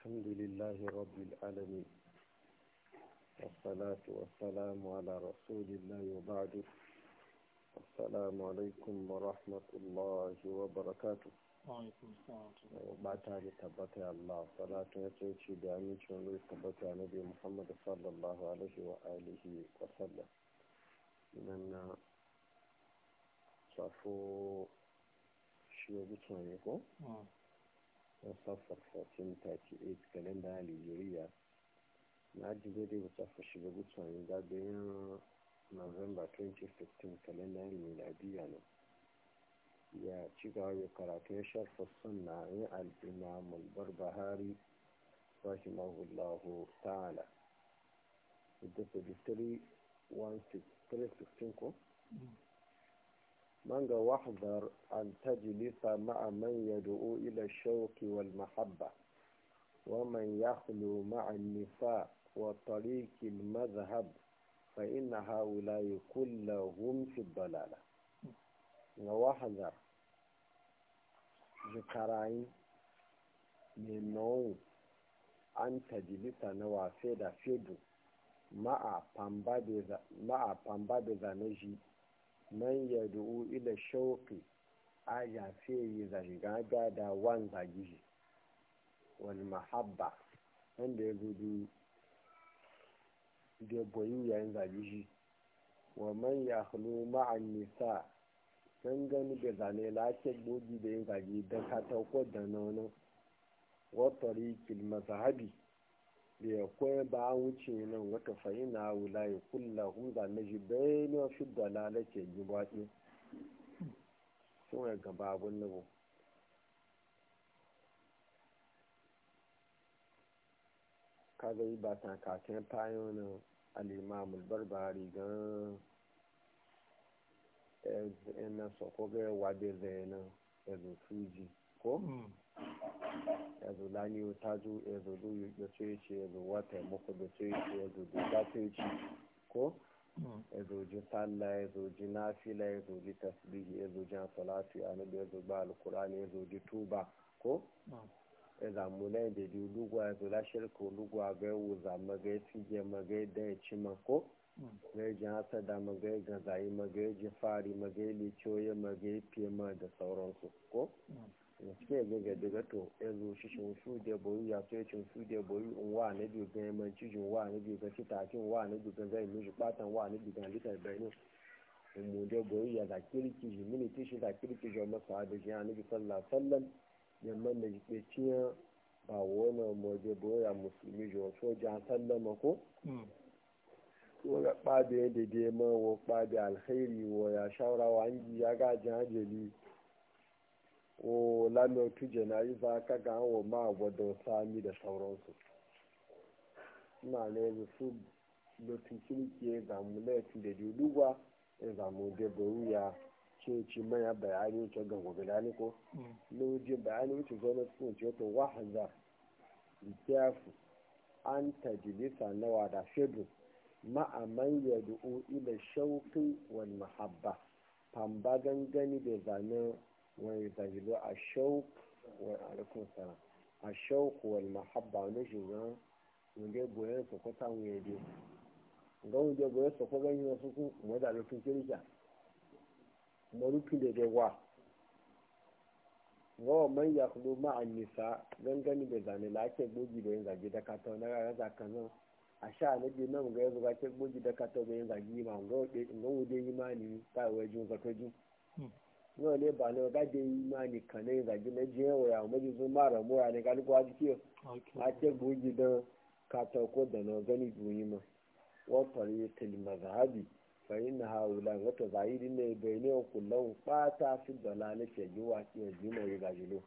الحمد لله رب العالمين والصلاة والسلام على رسول الله وبعد السلام عليكم ورحمة الله وبركاته وبعد تبت الله صلاة يتوشي دعني شنو تبت نبي محمد صلى الله عليه وآله وسلم من شافو شيء بتوانيكم safar 1438 kalenda nigeria na jibe da musafa shiga gutsuwanin zagayen november 2015 kalenda miladiya ne ya ci gaba da karatu ya sharfa sunna yin al'imam al-barbahari rahimahullahu ta'ala da 316 ko mm. من واحذر أن تجلس مع من يدعو إلى الشوق والمحبة ومن يخلو مع النساء وطريق المذهب فإن هؤلاء كلهم في الضلالة واحذر ذكرين من نوم أن تجلس نوافذ فيدو مع pamba da zane shi man ya du'u ila shauƙi a yafe yi zaga da wan zagi wani mahabba wanda ya gudu da boyi yayin zagi wa man ya hulu ma'an nisa don gani da zane lafiyar bogi da yin zagi da katakon da nonon wa tarikin mazhabi ya koyi ba an wuce nan wata fahina wula ya kulla hunza na shi bai ne fi dalala ke yi waɗi sun ya gaba abun bu ka zai ba ta kakin fayo na alimamu barbari gan eh, na sokoge wade zai na ya zo fuji ko? Hmm. ya zo laniyo ta zo ya zo duyu da tsoyici ya zo wata ya muku da yanzu ya zo duka ce ko ya zo ji sallah ya zo ji nafila ya zo ji tasbihi ya zo ji salatu ya nabi ya zo ba alkurani ya zo ji tuba ko ya zamu lai da biyu lugwa ya zo lashir ko lugwa hmm. ga wuza, zama ga ya fige maga ya da ya ci mako ga ya ji hasada maga ya gazayi maga ya ji fari maga ya licoye maga ya fiye ma da sauransu ko hmm. da suke gaga daga to ya zo shi da boyu ya so hmm. ya cin su da in wa na biyu ga man cijin wa na biyu ga fitakin wa na biyu ga zai mishi batan wa na biyu ga litar bayani in mu da ya da kirki da kirki ya sallam man ba da ya musulmi sallama ko wani ɓabe da dema wa ɓabe alkhairi o lamautu jana'iza ka ga wa ma'agwada sami da sauransu ina na yanzu su lotun kirki ya zamu laifin da duduwa ya zamu da ya ce ci maya bayani wuce ga gobe dani ko mm. lauji bayani wuce zama sun ce to wahaza be careful an tajilisa nawa da shedu ma'aman ya du'u ila shauƙin wani mahabba famba gangani da zanen Wani a ويتجلو الشوق وعليكم السلام الشوق والمحبة نشيغان wunde goyon su ko samu ya je ga wunde goyon su ko ganyi wasu ku wadda rufin kirkiya marufin da dewa ga wa man ya kudu ma'an nisa gangani da zane la ake gogi da yin zage da katau na rara zakanin a sha na biyu nan ga yanzu ga ke gogi da katau da yin zage ma ga ma wude ta ba wajen zakaji yau ne ba na ga da imani kanai zagi na jiya wa yawon maji sun mara mura ne ga lukwa jiki a ce gogi don katako da na gani duni ma watar yi tilma zahabi fahim na haula wata zahiri ne bai ne kullum fata fi dala na shagi wa ke jima yi gajilo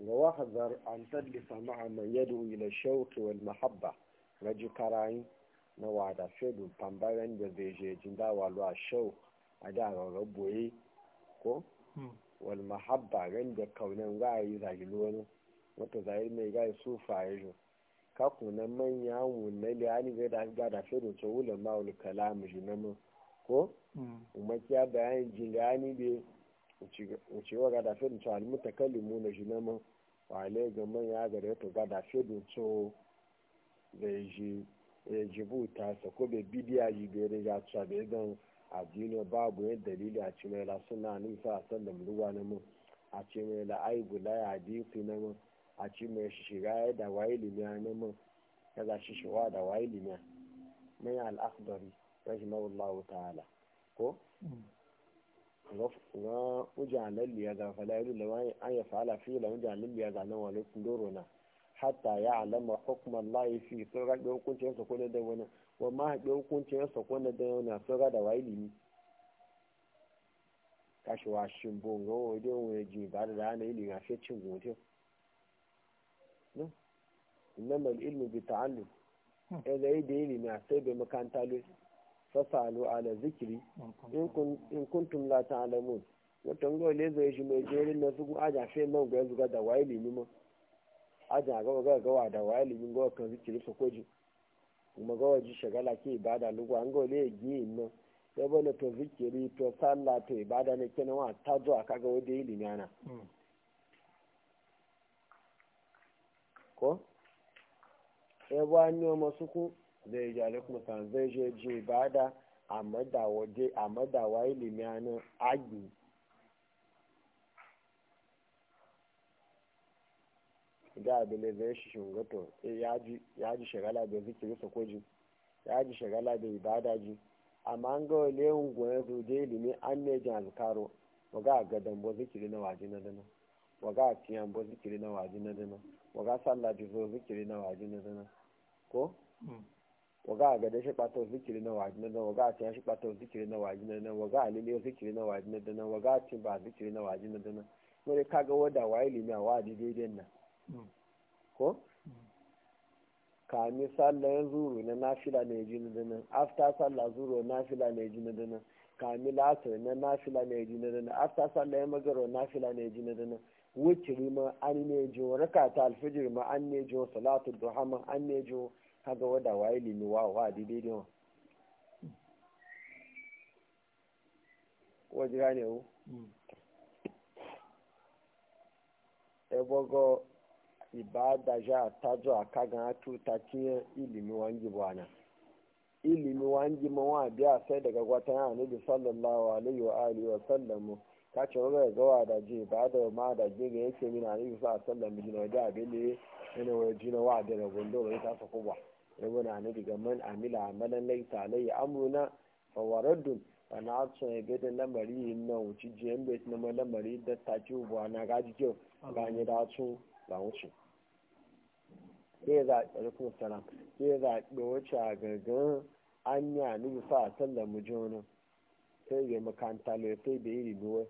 ga wahazar an tallafa ma'a man yadu ila shauki wal mahabba ga jikarayin na wada fedu pambaren da zai je jin dawa luwa shau a da rarraboye ko hmm. wal mahabba ran da kaunan ra'ayi zagilo wani wata zahir mai gai su faye jo kaku na manya wunna da ya nigar da ga da fedu to wula ma'ul kalamu shi na mu ko hmm. umakiya bayan jilani bai wucewa ga da fedu to almutakallimu na shi na mu wale ga manya ga da ya to ga da fedu to zai ji jibu ta sa ko bai bidiya yi bai riga cewa a gan babu yin dalili a ce mai la suna nisa a san da ruwa na mu a ce mai la aibu la ya hadisi na mu a ce shiga ya da waye limiya na mu ya za shi shiwa da waye limiya mai al'akhdari rahimahullahu ta'ala ko na ujalalliya ya falayi da wani an ya fa'ala fi da ujalalliya ya nan wa lokacin doro na hatta ya alama hukumar laifi sun raɗe hukuncin sa kone da wani wa ma haɗe hukuncin sa kone da wani sun raɗa wa ilimi kashi wa shimbon gawa wajen wani ji ba da rana ilimi a fiye cin gote no innama ilmi bi ta'allum ɗaya hmm. eh, yi da ilimi a sai bai makanta lo fasalu ala zikiri hmm. in kuntum la ta'lamun wata ngole zai shi mai jerin na su aja fiye nan ga zuga da wa ilimi ma ajin a gaba gawa gawa da wa ilimin gawa kan zikiri su koji kuma gawa ji shagala ke ibada lugwa an gawa ne giye nan ya bane to zikiri to sallah to ibada ne kenan wa ta zuwa kaga wanda yi limana hmm. ko ya ba an yi masu ku zai ji alaikum salam zai je ji ibada a madawa yi limana agi ga abele zai shi shungato eh, ya ji shagala da zikiri sokoji ya ji shagala da ibada ji amma an ga wale gwaye su je ilimi an ne jin alkaro wa ga gadan bo zikiri na waje na dana wa ga tiyan bo zikiri na waje na dana wa ga sallah ji zo zikiri na waje na dana ko hmm. wa ga gadan shi kwato zikiri na waje na dana wa ga tiyan shi kwato zikiri na waje na dana wa ga alili zikiri na waje na dana wa ga tin ba zikiri na waje na dana wani kaga wada wa ilimi a wa daidai nan ko ka mi sallah zuru na nafila ne jini na dinan after sallah zuru na nafila ne ji na ka mi latar na nafila ne jini na dinan after sallah ya magaro nafila ne jini na dinan wukiri ma an ne jo wa raka ta alfijir ma an ne jo salatu duha ma an ne jo kaga wada waye limi wa wa daidai da wa ko jira ne wo mm. ebogo ibada ja ta zo a kagan atu ta kiyan ilimi wangi bwana ilimi wangi ma wa biya sai daga gwata ya nabi sallallahu alaihi wa alihi wa sallam ka ce wa ga wa da je ba da ma da je ga yake mina nabi sallallahu alaihi wa sallam jina da abin ne ina wa jina wa da na gondo bai ta sa kuba yabo na nabi ga man amila amalan laita alayhi amruna fa waraddun ana atsun ebe da lamari na wuci jiyan bai na lamari da ta ci ubuwa na gaji kyau ganye da su ga wucin sai zaɓi alaikun salam sai zaɓi wacce a gangan an yi anubu sa a sallar mu jona sai bai makanta lo sai da iri biyu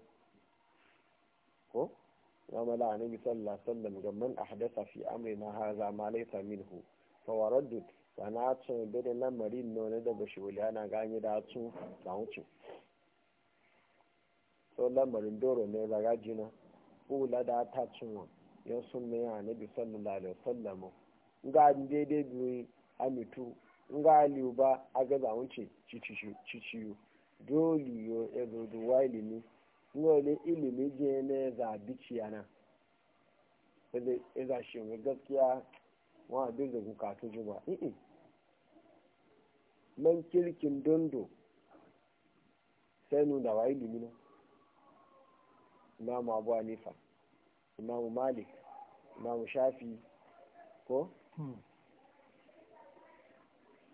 ko ya mala a nabi sallar sallar ga man a hadasa fi amri na haza ma laisa minhu fawaraddu sana tun bere lamarin nuna da bashi wuli ana gani da tun da wuce so lamarin doro ne zaga jina kula da ta cinwa yan sunna ya nabi sallallahu alaihi wasallam nga daidai biyu a mitu nga liuba a gaza wuce ciciyu dole yo ezoduwa ilimi nwere ilimi je na e e za biciya na eza shi mai gaskiya wa abin da bukatu zuba i'i man kirkin dondo sai nuna wa na imamu abu anifa imamu malik imamu shafi ko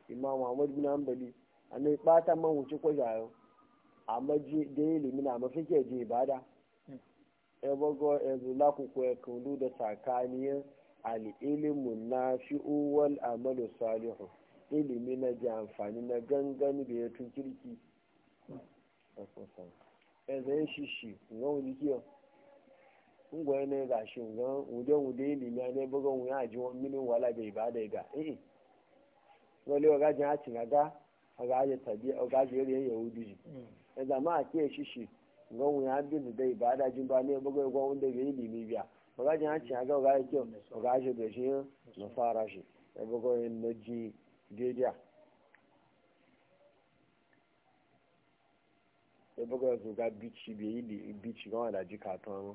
imam muhammad bin hanbali annabi bata man wuce kwajayo amma da ya ilimi na mafi ke je ibada hmm. ya bago yanzu lakuku ya kundu da tsakaniyar al'ilimun na fi'uwal amalu salihu ilimi na ji amfani na gangan da ya tun kirki yanzu hmm. ya shishi ngon jikiyar ngwaye ne ga shi ga wude wude ni ya ne bugo mu ya ji wani mini wala bai ba da ga eh, eh wale wa gajin a cin ga ga ya tabi a ga ya yi yahudi ji da mm. eh, zama a ke shi shi ga mu ya bi da dai ba da jin ba ne bugo ga wanda bai yi limi biya ba gajin a cin ga ga ya ke ga shi da shi na fara shi ya bugo ya naji daidai ya bugo ya zo ga bici bai yi bici ga wanda ji katon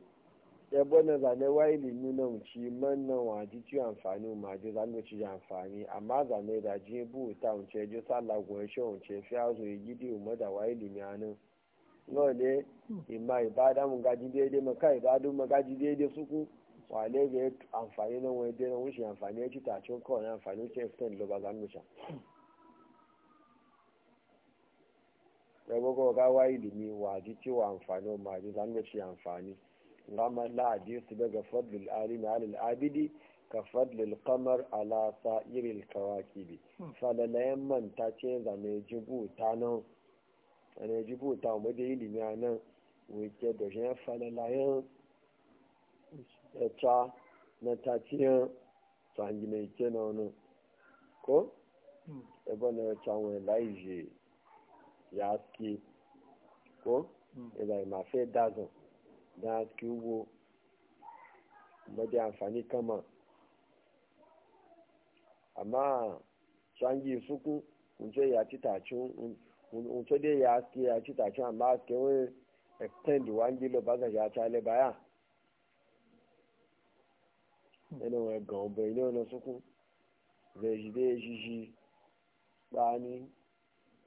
yabo na zane wayi limi na wuci man na waji ci amfani wa maji zane ci amfani amma zane da je bu ta wuce je sala gwan shi wuce fi azu yi e gidi umar da wayi limi anin no ne hmm. imma ibada mun gaji daidai maka ibadu mun gaji daidai suku le ga amfani na wani dai wuce amfani ya e ci tacin kawai amfani wuce fitan loba zane wuce yabo ga wayi limi waji ci wa amfani wa maji zane ci amfani gama la'adi su daga fadlul alimi alal abidi ka fadlul kamar ala sa'iril kawakibi hmm. falalayen man ta ce zane jibu ta nan zane jibu ta umar da ilimi a nan wike da shi falalayen ta na ta ciyan tsangi mai ke na wani ko? ebe hmm. na canwai laije ya ski ko? ila hmm. ma fe dazon da haske ugbo mafi amfani kama amma canji suku unce ya ci tacin unce dai ya haske ya ci tacin amma haske wani extend one gilo ba ya baya yana wani ga ọbọ ilé suku zai ji dai shi ba ni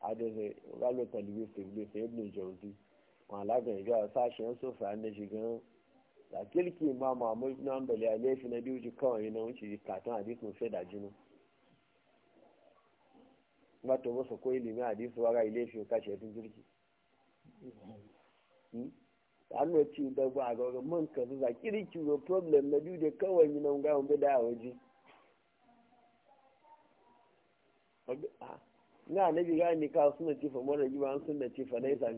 adẹ́sẹ̀ ọgá lọ tẹ̀lé wala ga ga sashen sofa na shigan da kirki ma mamu na bali a laifi na biyu kawai na wuce katon hadisun sai da jini wato masa ko ilimi hadisu wa rai laifi ka shaidun kirki hmm? an ci da ba ga man ka za problem na biyu da kawai ni ga mun da waje na ga ni ka suna tifa mara giban suna tifa na isa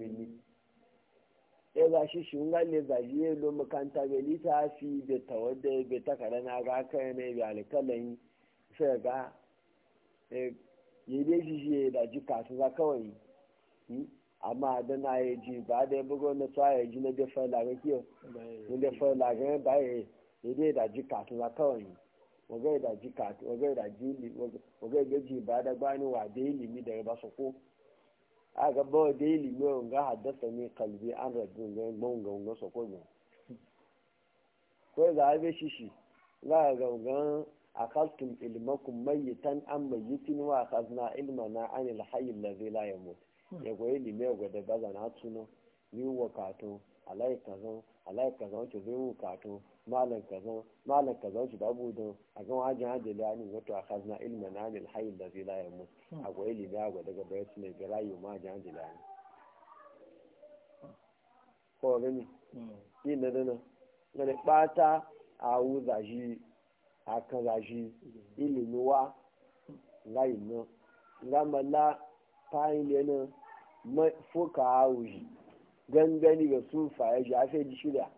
ya za shi shi nga le yi lo makanta be litafi be tawadda be takara na ga kai ne be alkalan sai ga yi dai shi shi da ji kawai hmm? amma da na yi ji ba da bugo na ji na da fa la ga kiyo da fa la ga ba yi yi da ji kawai da ji da ji ji ba da bani wa da da ba su ko aga bawa da yi limiyon ga haddasa ne kalbi an rabu ne gbonga unga ko ne kawai ga a shishi za a gangan a kaltun ilmakun mayitan an mayitin wa kazna ilmana an ilhayin da zai mu ya yi limiyon ga da baza na tuno ni wa kato alaika kazan alaika kazan zai wu kato malam kaza malam kaza shi da abudu a kan hajjin hajjin da ni wato a kazna ilmin anil hayy da zai laye mu hmm. a goyi ilimi a daga bayan su ne ga rayu ma hajjin hajjin da ni ko hmm. gani yin da dana gani bata a wuza shi a kaza shi ilimi wa layi nan gama la fayin da yana fuka haushi gangani ga sufa ya shi a sai ji shirya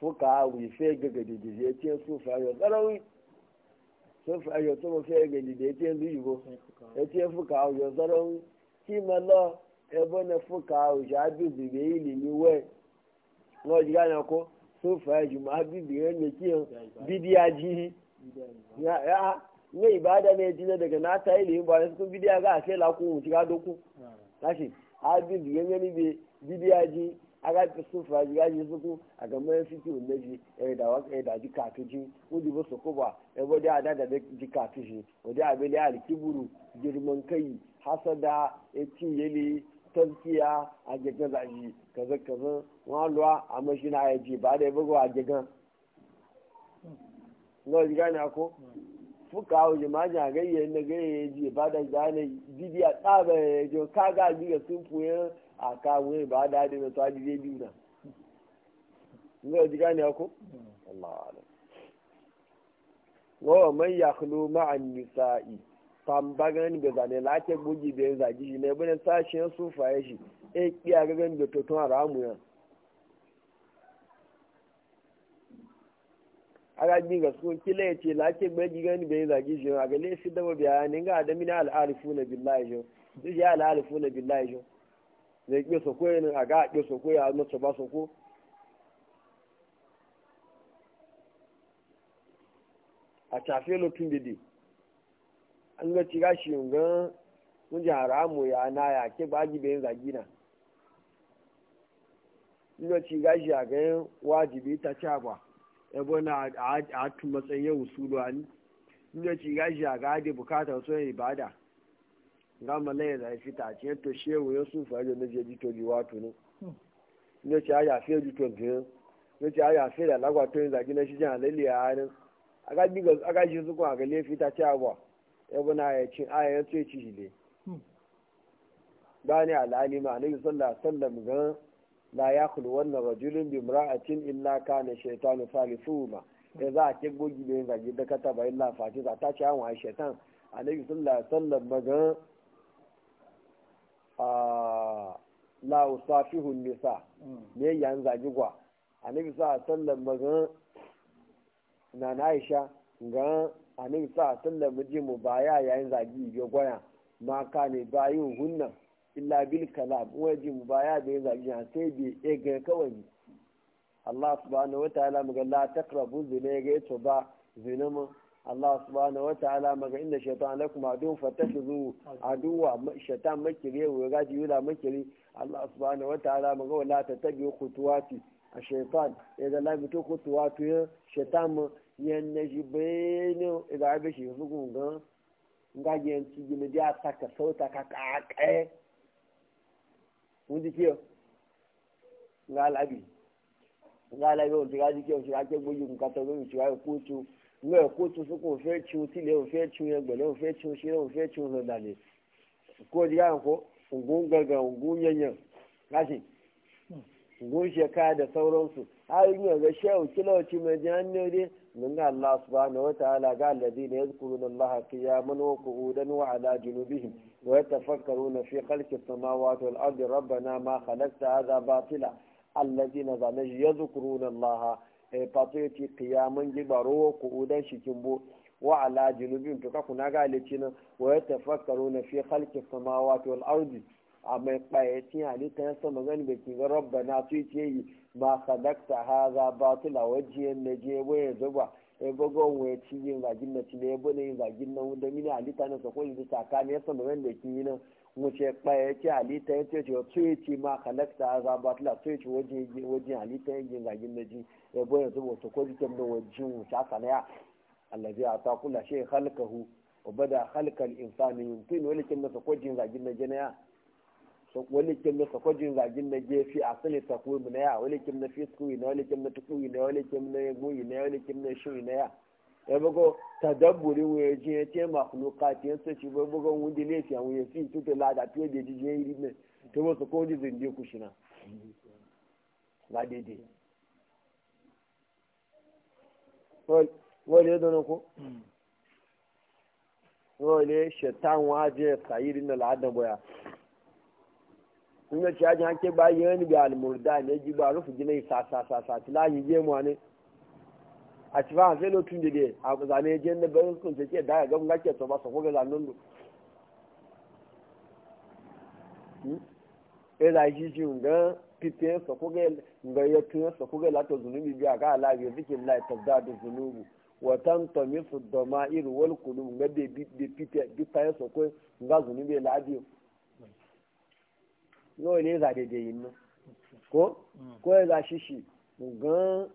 fuka wi fe gaga de de ye su fa yo zarawi so fa yo to mo fe ki ne fuka o ja bi bi be ili ni we no ji ga ko so fa ju ma bi ne ki bi di ya ne ibada ne daga na ta ba su bi di aga se ga doku aga ti sufa faji ga yi zuku a ga mai fiti unne ji e da wa e da ji ka tu ji u di boso ko ba e bo da da da ji ka tu ji o da be le al kiburu girman kai hasada e ti yeli tantiya a gaga da ji kaza kaza wa lwa a mashina ya ji ba da bugo a gaga no ji gane ko fuka o ji maja gayye na yi ji ba da gane bidiya ba jo kaga ji ga sun fuye a kawo ba da da na tsaji zai biyu na ne a jiga ne ko Allah ala wa man yakhlu ma'an nisa'i ganin ga zane lake bugi da zagi shi ne bane sashen faye shi e kiya gagan da toton ramu ya aga bin ga sun kile ce lake bugi gan da zagi shi aga le shi da bayanin ga adamina al-arifuna billahi jo duk ya al-arifuna billahi jo zai ƙi soko yanin a ga a ƙi soko ya mace ba soko a tafe lokacin dide an ga ci gashi yungan kunji haramu ya na ya ke ba ji bayan zagi na ina ci gashi a ganin wajibi ta ci na a tu matsayin yau sulu ani ina ci gashi a ga ade bukatar ibada gama laye da ya fita ce to shewu ya su fa na je jito ji wato ne ne ce aya fe jito gin ne ce aya fe da lagwa to yin zagi na shi jan halali a harin aga biga aga shi su kuma ga le fita ce abuwa ya buna ya ci aya ya ce ci hile a hmm. al'alima alaihi sallallahu alaihi wasallam gan la ya kulu wannan rajulun bi imra'atin illa kana shaytanu salisuhuma ya za a ke gogi da yin zagi da kata ba illa fati za ta ci an wa shaytan alaihi sallallahu alaihi wasallam magan la usafihu nisa ne mm. yan zagi gwa annabi sa sallan magan na aisha ga annabi sa sallan miji mu baya yayin zagi ga gwaya ma ka ne bayin hunna illa bil kalam waji mu baya da yayin zagi ya sai bi e ga kawai Allah subhanahu wataala mu ga la taqrabu zina ga yato ba zina mu Allah subhanahu wa ta'ala maga inda shaitan lakum adu fattakhidhu aduwa shaitan makiri wa gaji yula makiri Allah subhanahu wa ta'ala maga wala tatabi'u khutuwati الشيطان إذا لا بتوكو تواتو shi ينجي idan إذا shi يفقون ga yanci gini da ta ka sauta ka kakaye mun kiyo nga alabi nga alabi kiyo gbogi kun ka kutu ńgbà kó tuntun kò fẹ́ tún fẹ́ tún tún fẹ́ tún kó di gangan yanyan láti ṣe da sauransu har yi ga mai jihanniyar من الله سبحانه وتعالى قال الذين يذكرون الله قياما وقعودا وعلى جنوبهم ويتفكرون في خلق السماوات والأرض ربنا ما خلقت هذا باطلا الذين يذكرون الله fato eh, ya ce kiyaman giba rowa ko udan shi kimbo wa ala junubin to kaku ga gale ci nan wa ya tafakkaru na fi halki samawati wal ardi a mai kpayatin halitta ya sama gani da ki ga rabba na su ce yi ma sadakta haza batula wajiyan na je waya zuba ya eh, bago ya ci yin zagin na ci ne ya bane yin zagin na wanda mini halitta na sako yi tsakani ya sama gani da ki yi nan mu wuce kpayatin halitta ya ce ce wa su ce ma halakta haza batula su ce wajen halitta yin zagin na ji ya baya zuwa ta ko jikin da wajen wuta kana ya allazi a ta kula shi halkahu wa bada halkal insani yumkin wani kin da sakojin zagin na jina ya wani zagin na gefi a sani takwimi na ya wani kin na fiskuwi na wani kin na tukuwi na wani kin na yagoyi na wani kin na shiwi na ya ya bugo tadabburi wuya ji ya ce yansa bai ne fiya wuya fi tuta lada fiye da jijiyar ne ta wasu kushina ba daidai wọ́n lè dọ́nà kó wọ́n lè ṣẹ̀tà àwọn ajẹ́ sàyírí náà ládàbọ̀yà nígbà tí ajẹ́ ake bá yẹn níbi àlùmọ̀rọ̀dá ní ẹjí bá rúfù jìnnà ìsàsàsàsà tí láàyè yé mu àní àti fáwọn fẹ́ ló tún dèdè àbùzà ní gan fitiyen sa kuga ga ya tuyen sa kuga la to zunubi biya ga ala ya zikin la tazdadu zunubu wa tantamisu dama'ir wal qulub ga de de fitiye de tayen sa ko ga zunubi la adiyo no ne za daidai yin yin ko mm. ko za shishi ngan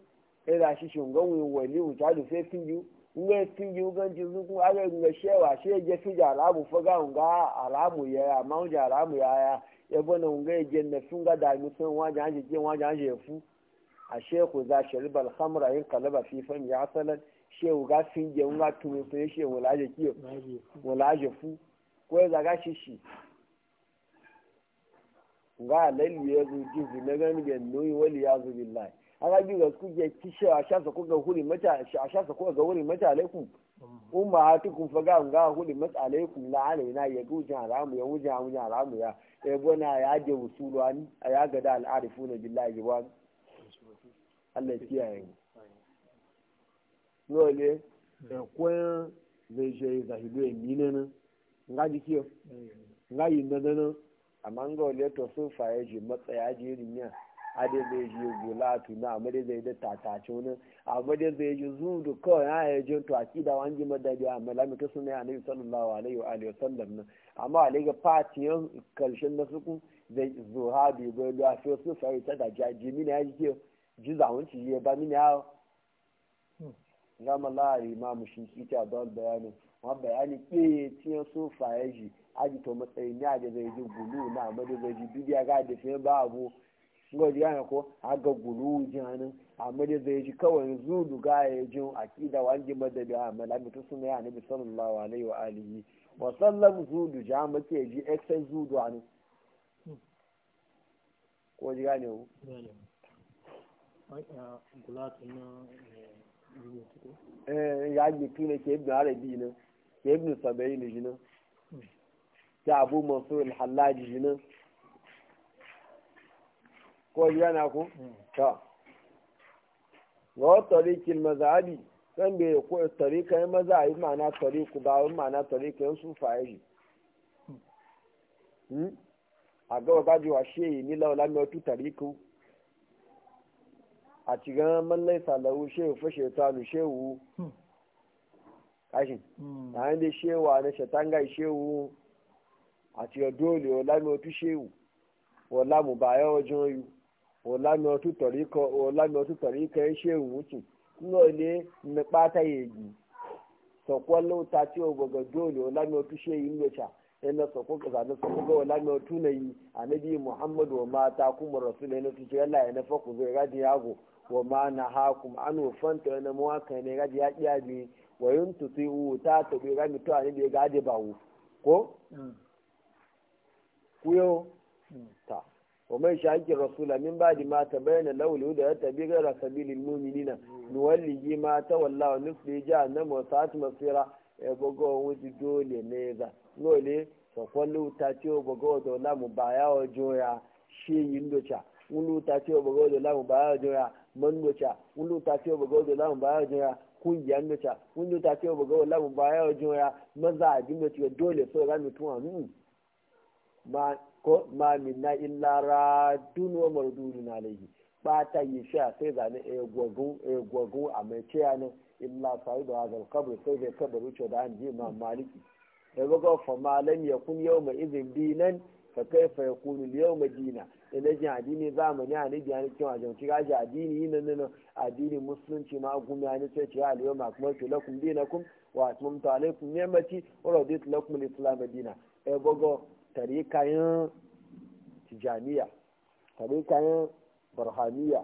era shishi ngan wani wali u ta du fe tinju ngan tinju ngan ji zu ku aga ngan shewa she je fija alamu faga nga alamu ya ma unja alamu ya ya ebe na nga eje na fun ga da mi sun waje aje je waje aje fu a shehu za sharibal khamra yin kalaba fi fam ya asalan shehu ga fin je nga tumi sun shehu la aje kiyo wala aje fu ko za ga shishi nga lalu ya zu jizi na gani ga noyi wali ya zu billahi aga bi ga ku je kishe a shasa ku ga huri mata a shasa ku ga huri mata alaikum ummahatukum faga ga huli masalaikum la alaina ya gujin haramu ya wujin wujin haramu ya ya bona ya je usulu a ya ga da na billahi wa Allah kiyaye mu lole e koyan zai je zahilu emi nan nga dikiyo nga yin nan nan amma ga lole to sun faye je matsaya je rinya ade zai ji gulatu na amade zai da tatace wani amade zai ji da kawai ya yi jin to da wa ji madadi a malami ta suna yana yi sallallahu alaihi wa alihi wasallam na amma a lega fatiyan karshen na suku zai zuha bi bai da fi su fari ta da jaji mini ya ji ke ji zawanci ya ba mini ya gama la'ari ma mu shi kita don bayani ma bayani ke tiyan su fayaji aji to matsayin ya da zai ji gulu na amade zai ji bidiya ga da fiye ba abu ngo ya ana ko aga gulu jani amma dai zai ji kawai zudu duga ya ji akida wangi madadi a malamitu sunna ya nabi sallallahu alaihi wa alihi wa sallam zudu ja make ji excel zudu anu ko ji gane ku eh ya ji tuna ke ibn arabi ne ke ibn sabai ne jinan ta abu mansur al-hallaji jinan ko yana ku ta wa tariqil mazhabi san be ko tariqa mazhabi ma'ana tariqu ba ma'ana tariqa sufai hmm aga ba ji wa sheyi ni laula mi otu tariqu a cikin mallai salawu shehu fa shetanu shehu hmm. kashin ta hmm. hanyar shewa na shatanga shehu a cikin dole wa lami otu shehu wa lamu ba yawa jin oyu olami otu toriko olami otu toriko eshe wuci lole nipata yeji sokwa lauta ti ogogo dole olami otu she yi na ga olami otu na yi anabi muhammadu wa mata kuma rasul ina su ce Allah ya nafa ku yago wa ma na hakum an wufan ta yana mawaka ne gaji ya kiya bi wa yin u ta ta bi to anabi ba ko kuyo ta ومن شاكر الرسول من بعد ما تبين له الهدى يتبع غير سبيل المؤمنين نوليه ما تولى ونصلي جهنم وساعات مصيرا ebogo ohun ti dole neza lóòlé sọ̀kọ́lùta tí ó bọ̀gọ́ ọ̀dọ̀ lámùbáyá ọjọ́ ya ṣé yìí ń lòchà ń lùta tí ya mọ́ ń lòchà ń lùta tí ó bọ̀gọ́ ọ̀dọ̀ lámùbáyá ọjọ́ ya kungiya na ta kungiya ta ce ba ga wala mu baya wa joya maza a dinga ce dole so ga mutum a hmm. ma ko ma minna illa radun wa mardudun alayhi bata yi sha sai zane e gwagun e gwagun a mai ciya nan illa sai da hazal kabri sai da kabar wuce da an ji ma maliki da ga fa malam yakun yawma idhin dinan fa kaifa yakunu yawma dina idan ji addini zamani a nabi an kin wajen ci gaji addini nan nan addini musulunci ma gumi an ce ci al yawma kuma fi lakum dinakum wa atmamtu alaykum ni'mati wa raditu lakum al-islam dinan e gogo tarikayen tijaniya tarikayen barhaniya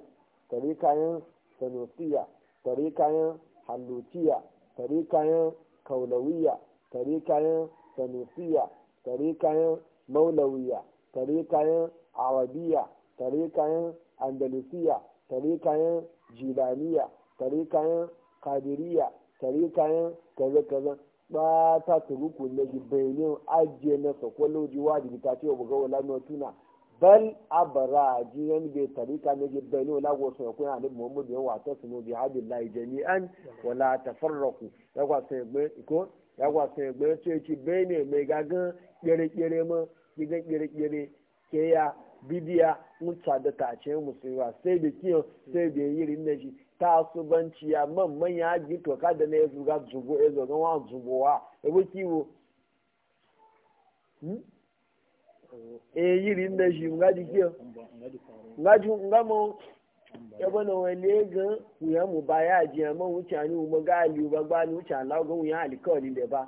tarikayen sanusiya tarikayen halutiya tarikayen kaulawiya tarikayen sanusiya tarikayen maulawiya tarikayen arabiya tarikayen andalusiya tarikayen jilaniya tarikayen kadiriya tarikayen kaza-kaza bata turuku na bayanin ajiye na sakwaloji wajibi ta ce wa buga wala na tuna bal abara jiyan bai tarika na ji bayanin wala ko sun kuna alif muhammadu yawa ta sunu bi hadillahi jami'an wala ya yawa sai gbe ko yawa sai gbe ce ci bayane mai gagan kere kere ma gigan kere kere ke ya bidiya mutsa da ta ce musulwa sai da kiyon sai da yiri na shi tasubanci ya man manya ji to kada ne ya zuga zubo ya eh, zo wa zubowa ya bu kiwo e hmm? eh, yiri na shi nga ji kiyo nga ji nga mo e ya bana wale ga wuya mu ba ya ji ya man wuce ni mu ga ali ba ba hmm. ni wuce Allah ga wuya alikawali da ba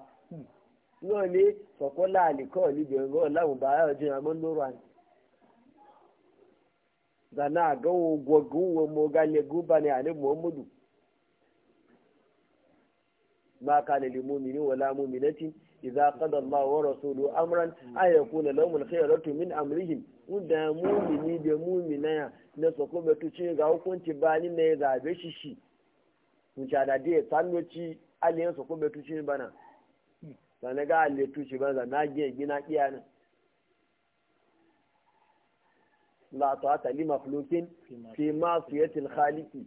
ngo ne sokola alikawali da ngo Allah mu ba ya ji ya man doro ani zana ga gwagwuwa mogale guba ne a muhammadu ma kana lil mu'mini wala mu'minati idza qada Allah wa rasuluhu amran ay yakuna lahum al-khiyaratu min amrihim wanda mu'mini da mu'mina na so ko betu ce ga hukunci bani ne zabe shi shi mun ja da dai sanoci aliyan so ko betu ce bana sana ale tu tuci bana na ge hmm. gina kiyanin la ta'ata li makhluqin fi ma'siyatil khaliqi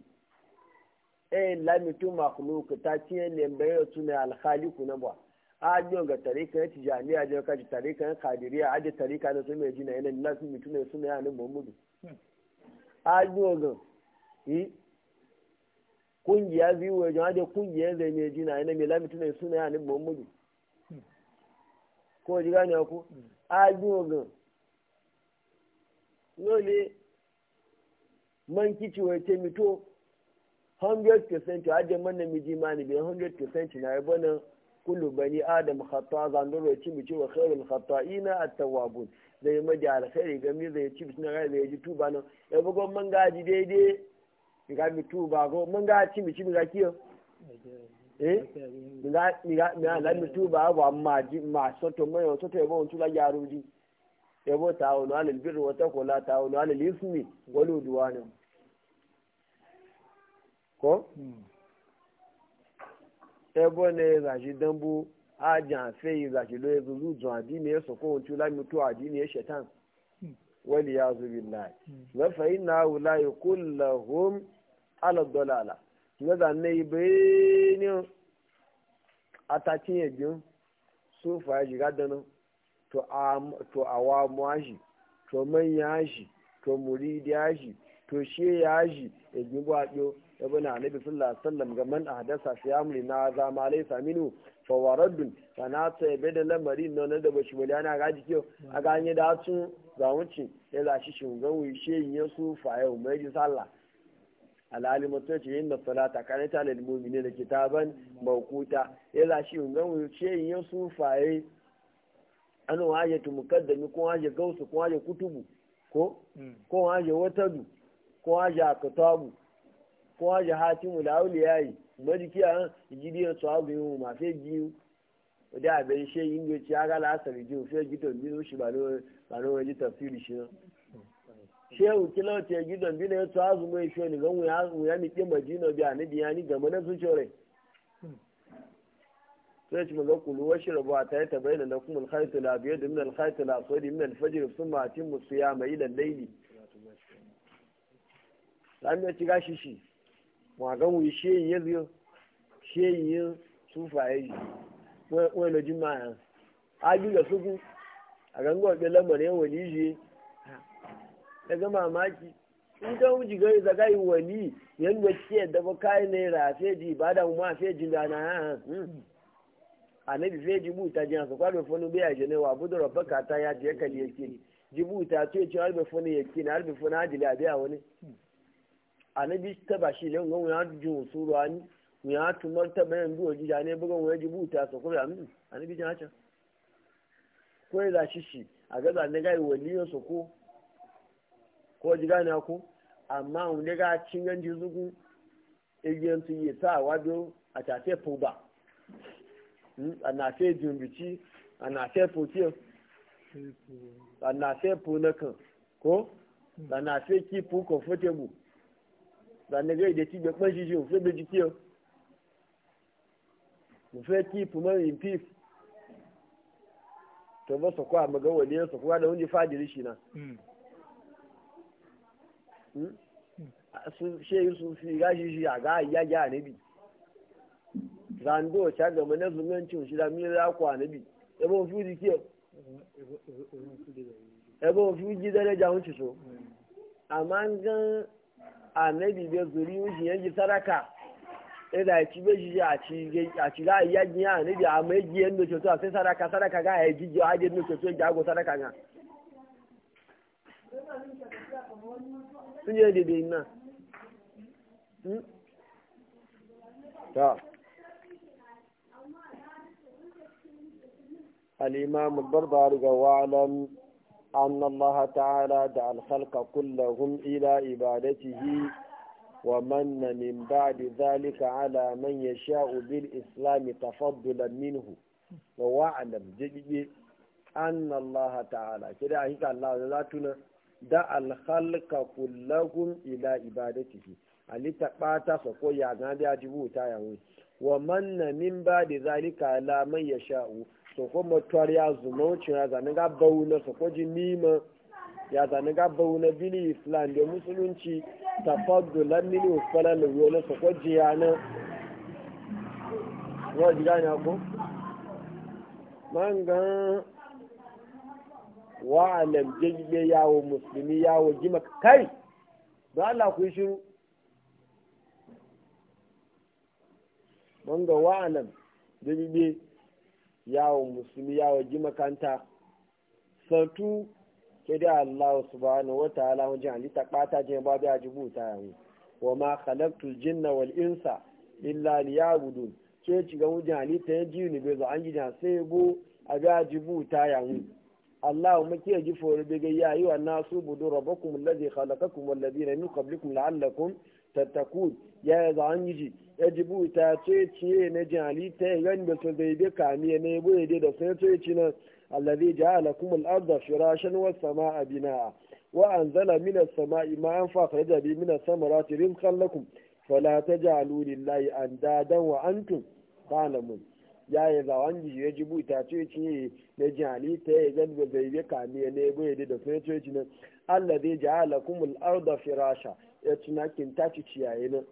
eh la mitu makhluq ta ci ne bayo tuna al khaliqu na ba a jo ga tarika ta jami'a jo ka ji tarika kadiriya a ji tarika na su mai jina yana ina su mitu ne suna yana muhammadu hmm. a jo ga yi kungiya biyu wajen hajjar kungiya zai mai jina yana mai la mitu ne suna yana muhammadu hmm. ko ji gane ku hmm. a jo ga lole man kici wai ce mito 100% ajin manna mai miji mani bai 100% na yabo nan kullu bani adam khatta zandoro ya ci bici wa khairul khata'ina at-tawwabun zai maji alkhairi ga mi zai ci bisna na zai ji tuba nan ya bugo man ji daidai ga mi tuba go man ga ci bici ga kiyo eh mi ga mi ga mi tuba go amma ji ma soto mai soto ya ba on tuba ya ruji yabo ta'awunu alal birri wa taqwa ta'awunu alal ismi wal udwan ko yabo ne za shi dambu ajan sai za shi lo yuzulu zo adini ya soko untu la mutu adini ya shaitan wal yazu billahi hmm. wa fa inna la yakullahum ala dalala ne da ne be ni atatin ejun sufa ya jiga danan to awa aji to manya aji to muridi yaji to she yaji aji e gibo ajo e ibn annabi sallallahu alaihi wasallam ga man ahdasa fi amri na za ma laysa minhu fa waradun kana ta be da lamari non da bashi wala na ga jikiyo a ga anya da tun za wuce ya e lashi shugan wi she yin su fa yau mai sallah alali mutum ce yin da salata kanita lil mu'minina kitaban mawquta ya e lashi shugan wuce she yin su fa yau ana waje tu mukaddami ko waje gausu ko waje kutubu ko mm. ko waje watadu ko waje akatabu ko waje hatimu lauliyai yin jidiya tsawu yu ma fe jiyu da abin she yin yo ci aga la asali ji o fe gido bi no shi ba no ba no ji tafsiri shi no she o ti lo ti na bi ne tsawu mo ife ni gan wu ya mi ke madina bi ani bi ni gamo na su chore sai ci maza kulu wa ba ta yi bayyana na kuma alkhaitu la biyar da min alkhaitu la sodi min alfajir sun ma cin musu ya mai ilan laili sami ya ci gashi shi magan wuyi sheyi ya ziyo sheyi yin sufa ya yi wani lojin maya a ji ga suku a wa ɗin lamarin yan wani shi ya ga mamaki in ka wuji gari zaga yi wani yadda ce da ba kayan naira sai ji ba da mu ma sai ji da na hmm. annabi sai jibuta jiya su kwabe funu biya jene wa abu da rabba kata ya je kali yake jibuta to ya ce harbe funu yake na harbe funu hajjili a biya wani annabi ta ba shi leon y'a wuya jin suru ani wuya tumar ta bayan duwa jija ne bugan wuya jibuta su kwabe amin annabi jin hacha ko ya zashi shi a gaza ne gai waliyan so ko ko ji ne ko amma wunde ga cin ganji e egiyan tu yi sa do a po ba. anafe jumbici anafe fotiyo anafe punakan ko anafe kipu comfortable zanaga ide ti gbẹpẹ ṣiṣẹ òfin méjì kí o òfin kipu mẹrin pif tọbọ sọkọ àmọgọwọ ní sọkọ wà lóhun ní fàdìrí ṣì náà ṣe é sùn fi ìyá ṣiṣẹ àgá ìyá yá bi? zando cha ga mana zungancin shi da miyar akwa na bi ebe ofi ji kiyo ebe ofi ji daraja wuce so amma gan annabi bai zuri wuce yanki saraka ina e ya ci bai shi a ci za a yi yajin ya annabi a mai ji yadda ce a sai e saraka saraka ga ya ji jiwa hajjin nuke so ya e hago saraka ga sun yi daidai na hmm? ta الإمام البربري واعلم أن الله تعالى دعا الخلق كلهم إلى عبادته ومن من بعد ذلك على من يشاء بالإسلام تفضلا منه وواعلم جدي أن الله تعالى كده هيك الله لا تنا دعا الخلق كلهم إلى عبادته ali ta ɓata sa ko ya na da ya ji buta yawon wa manna min ba da zalika la man ya sha'u ko matuwar ya zuma wucin ya zane ga bauna soko ji nima ya zane ga bauna bili islam da musulunci ta fagdo lamini usfala lura na soko ji ya nan wa ji gani ako man gan wa alam jigbe yawo musulmi yawo jima kai don Allah ku yi shiru man ga wa alam jigbe yawon musulmi yawon ji makanta sautu ke da Allah subhanahu wata ala wajen halitta ɓata jin ba biya jibu ta yawon wa ma khalaqtul jinna wal insa illa ya ke ci ga wajen halitta ya ji ni bai zo an gidan sai bu a biya jibu ta yawon Allah mu ke ji fori bai ga yayi wa nasu budu rabbakum alladhi khalaqakum wal na min qablikum la'allakum tattakun ya yi zan yi ji ya ji buta ce ciye na jali ta yi gani da su zai bi ne da sai ce ci nan allazi ja'ala binaa wa fa bi fala wa ya yi zawon ji ya ji ce ci na jali ta gani da zai bi ne da sai ce ci nan allazi ya cinakin taci ciyaye na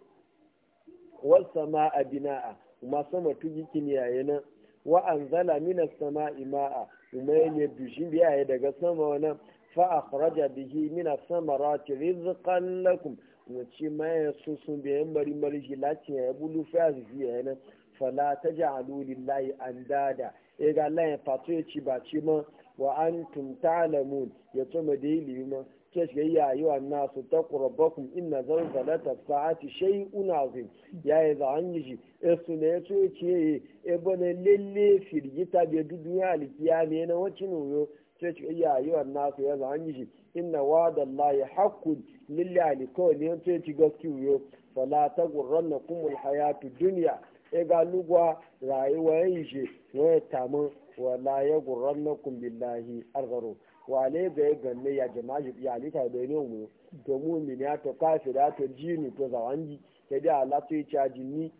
wal sama'a bina'a kuma sama tugi kiniyaye na wa anzala minas sama'i ma'a kuma ya dushin biyaye daga sama wani fa akhraja bihi minas samarati rizqan lakum wace maye sun sun biyan mari mari shi lati ya bulu fa ziya nan fala taj'alu lillahi andada e ga Allah ya fato ya ci ba ci ma wa antum ta'lamun ya to ma dai ma kesh ga nasu yi wannan su ta qurbakum inna zalzalata sa'ati shay'un azim ya yi za an yi shi esu eh, ne yato ce e eh, bane lalle firgita be duniya alkiyami na wacin uyo sai ce iya yi wannan su ya za an yi shi inna wa'ada allahi haqqun lillahi kawai ne yato ce gaskiya uyo fala taghurrannakum alhayatu duniya e ga lugwa rayuwa yi shi ne tamu wala yaghurrannakum billahi argharo wale ga ya ganne ya shi ya lita da ne mu to mu min ya to da to ni to zawangi ke da ala to yi caji ni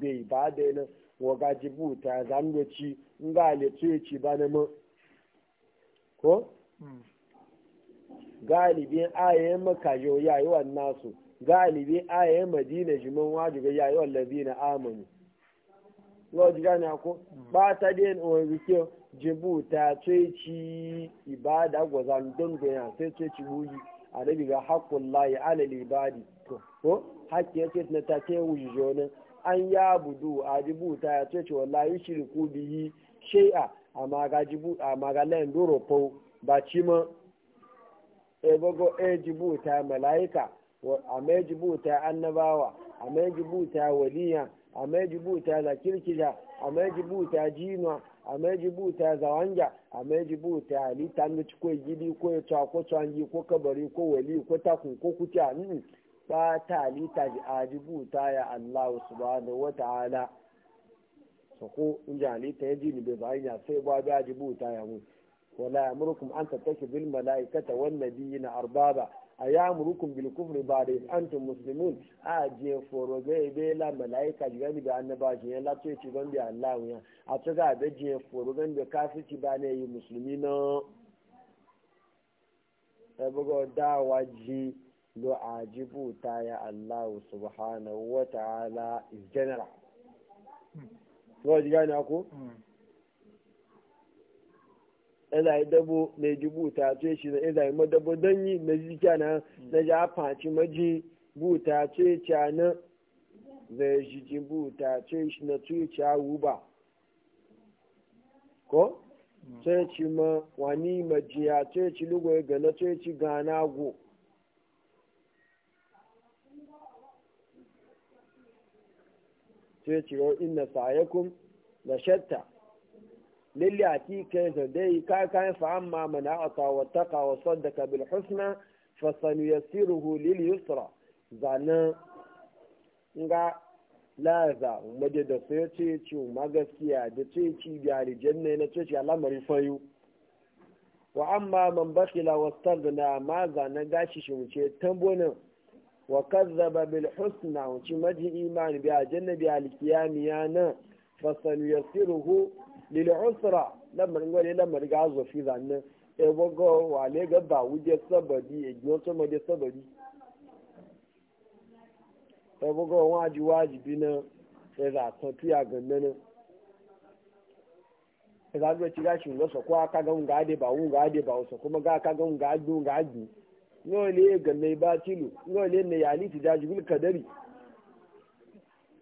bai ba da na wa ga jibuta zangoci in ga le to yi ci ba na mu ko hmm. galibin ayayen makajo ya yi wannan su galibin ayayen madina jimin wajibi ya yi wallazi na lo jiga gani ako hmm. ba ta den wọn rikiyar jibuta sai ci ibada gwazan dongoya sai sai ci a da ga haƙƙun layi alal ibadi ko haƙƙi ce na ta ce wujonin an ya budu a jibuta ya ce wallahi shirku biyi shai'a a magalayin doropo ba ci ma ebogo e, e jibuta mala'ika a mai e jibuta annabawa a mai e jibuta waliya a mai jibuta zakirkija a mai jibuta jima a ji buta zawanja a ji buta halitta na ci gidi ko ya ca ko canji ko kabari ko wali ko takun ko kuta ni hmm. ba ta halitta ji a ji buta ya Allah subhanahu wa ta'ala sako in ji halitta ya ji ni bai bayan ya sai ba ga ji buta ya mu wala yamurkum an tattaki bil malaikata wan na arbaba a ya bil kufri ba da antum muslimun a je foro ga ibe la malaika ga ni ga annaba je ya lato ci ban bi Allah a to ga da je foro ga ba ne yi musulmi na e bugo da waji do ajibu ta ya Allah subhanahu wa ta'ala is general ko ji gani ako ina yi dabo mai ji buta ce shi na ina yi madabo don yi na ji kyana na ji afaci maji buta ce kyana zai shi ji buta ce shi na tuyi wu ba ko mm. ce ci ma wani ya ce ci lugo ya gana ce ci gana go ce ci yau inna sayakum na shatta lalle a cikin da dai ka kan fa amma mana ata wa taqa wa saddaka bil husna fa sanuyassiruhu lil yusra zana nga laza umade da sai ce ci ma gaskiya da ce ci ga aljanna na ce ci al'amari fayu wa amma man bakila wastagna gashi wuce tambonin wa kazzaba bil husna wuce maji imani bi aljanna bi alkiyami yana fa sanuyassiruhu lil lamar lamarin wani lamarin ga zo fi zanne e bogo wale ga ba wuje sabadi e gbo to mo je sabadi Ebo bogo wa ji wa wajibi na e za to ti aganne na e za do ti ga shi lo so ko aka ga nga de ba un ga de ba so kuma ga aka ga nga du nga du no le ga mai ba tilu no le ne ya li ti da jibul kadari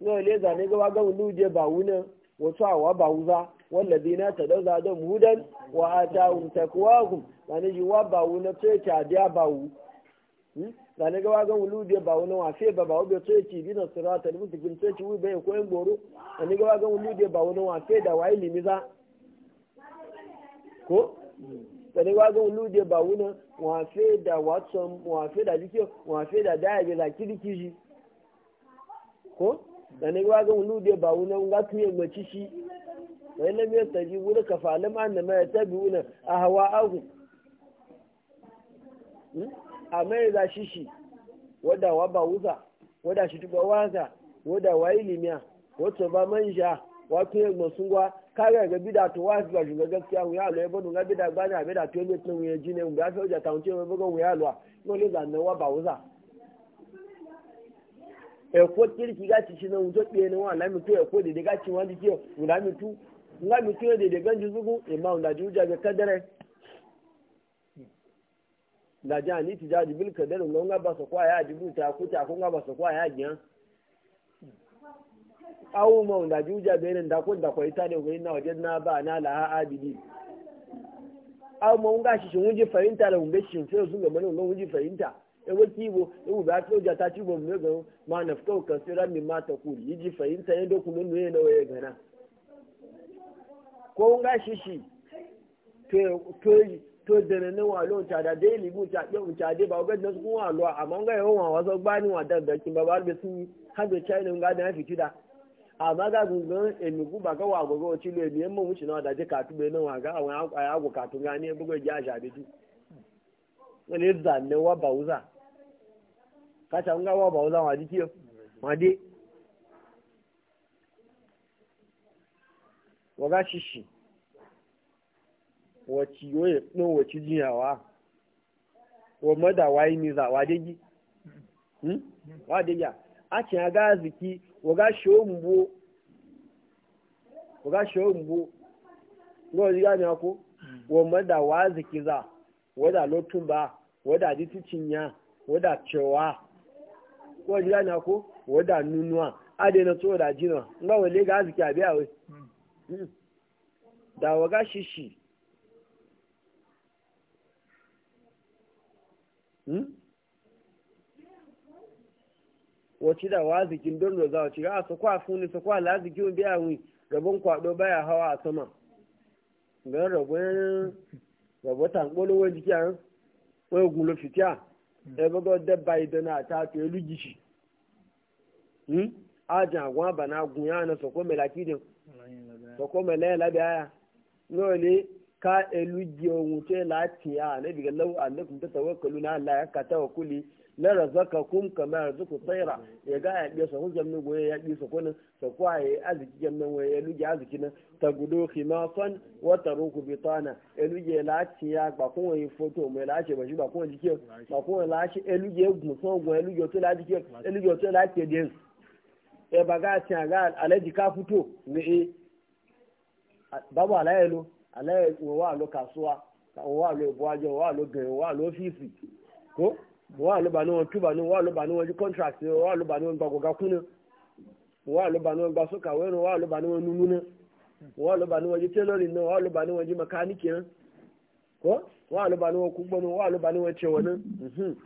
no le za ne ga wa ga wu je ba wu na wato awa ba wuza. wallazina tadawza da hudan wa atahum takwahum zane ji wa bawu na tsaye ta dia bawu zane ga wagan wulude ba na wa fe ba bawu be tsaye ci dina sirata da mutum tsaye ci wi bai ko en goro zane ga wagan wulude ba na wa fe da wa ilimi za ko zane ga wagan wulude ba na wa fe da watson wa fe da dike wa fe da daya be za kirikiji ko zane ga wagan wulude bawu na ga tuye shi. wa lam yastajibu laka fa lam anna ma yattabi'una ahwa'ahum hmm? amma ya shishi wada wa ba wuza wada shi tuba waza wada wa ilimiya wato ba manja wato ya gbasun gwa kaga ga bida to wa ga shuga gaskiya mu ya lo ya bodu ga bida gba na bida to ne tun ya jine mu ga soja ta unce mu ga mu ya lo no le zan na wa ba wuza e ko kirki ga ci shi na mu to biye ne wa lami to e ko de ga ci wa dike mu nga mi tuyo e da daga juzugu imam da juja ga kadare da ani ti jaji bil nga nga kwa ya jibu ta ku ta ku nga ba kwa ya jiyan awu ma e ga nan da kun da kwai ne wai na wajen na ba na laha abidi awu ma nga shi ji fahimta da umbe shin sai su ga mana nga ji fahimta e wati bo e wo ba so ja ta ci bo mu ma mi ma ta ko nga shishi to to to dana ne wa lo ta da de li bu ta de ta de ba ga da su wa lo amma nga yawan wa wazo ba ni wa da da kin ba ba be sun ha be china nga da fi tuda amma ga gungun emi ku ba ga wa gogo ci le ni mu mu na da je ka tu be na wa ga awon ya go ka tu ga ni bugo ja sha be ti ne zanne wa bauza ka ta nga wa bauza wa dikiyo wa de wọ́gá ṣíṣì wọ̀tí yóò yẹ pín wọ̀tí jìyàn wá wọ́n mọ́dà wáyé ní ìzà wá dé yí wá dé yà á ti hàn gáàzì kí wọ́gá ṣe ṣe ó ń wọ́n rí gánà kó wọ́n mọ́dà wá zìkìzà wọ́dà ló tún bá wọ́dà títí tìyà wọ́dà tẹ̀wá wọ́n rí gánà kó wọ́dà nínú à á dènà tó wọ́dà jìnnà ńgbà wọ́n lé gáàzì kí àbí àwẹ̀. da waga shishi hmm? wace da wa zikin don roza wace ga su kwa funi su kwa lazikin biya wi rabon kwado baya hawa a sama ga rabon rabotan kolowar jiki e hmm? a wani gulo fitiya ɗaya baga dabba idana a ta to ya lugishi ajin agwa bana gunya na sokon melakidin sọkọ́ ne lábẹ́ àyà náà lè ká ẹlú jẹ ohun tó yẹ láti yà níbi gẹ́gẹ́ lọ́wọ́ àlékún tó tẹ̀wé pẹ̀lú náà láyà kàtà ya li lẹ́rọ̀ zọ́kà kún kàmẹ́ rẹ̀ zọ́kù tẹ́yìrà yẹ̀gá yàgbẹ́ sọ̀kún jẹun ní wọ́n yàgbẹ́ sọ̀kún ní sọ̀kọ́ àyè azìkí jẹun ní wọ́n ẹlú jẹ azìkí ní tagudo xìmá fún wọ́tàrú kùbí tọ́nà ẹlú jẹ láti yà gbàkún wọn yìí fótó mọ̀ láti bàjú gbàkún wọn e ba ga cin ga alaji ka fito ne e eh. babu alayelo alaye wa lo kasuwa wa lo buwaje wa lo gbe wa lo ofisi, ko wa lo ba ni tu tuba ni wa lo ba ni wọn di contract wa lo ba ni wọn gba goga kuna wa lo ba ni wọn gba soka wẹrun wa lo ba ni wọn nunu na wa lo ba ni wọn di tailoring na wa lo ba ni wọn makaniki na ko wa lo ba ni wọn kugbo na wa lo ba ni wọn cewa na mhm.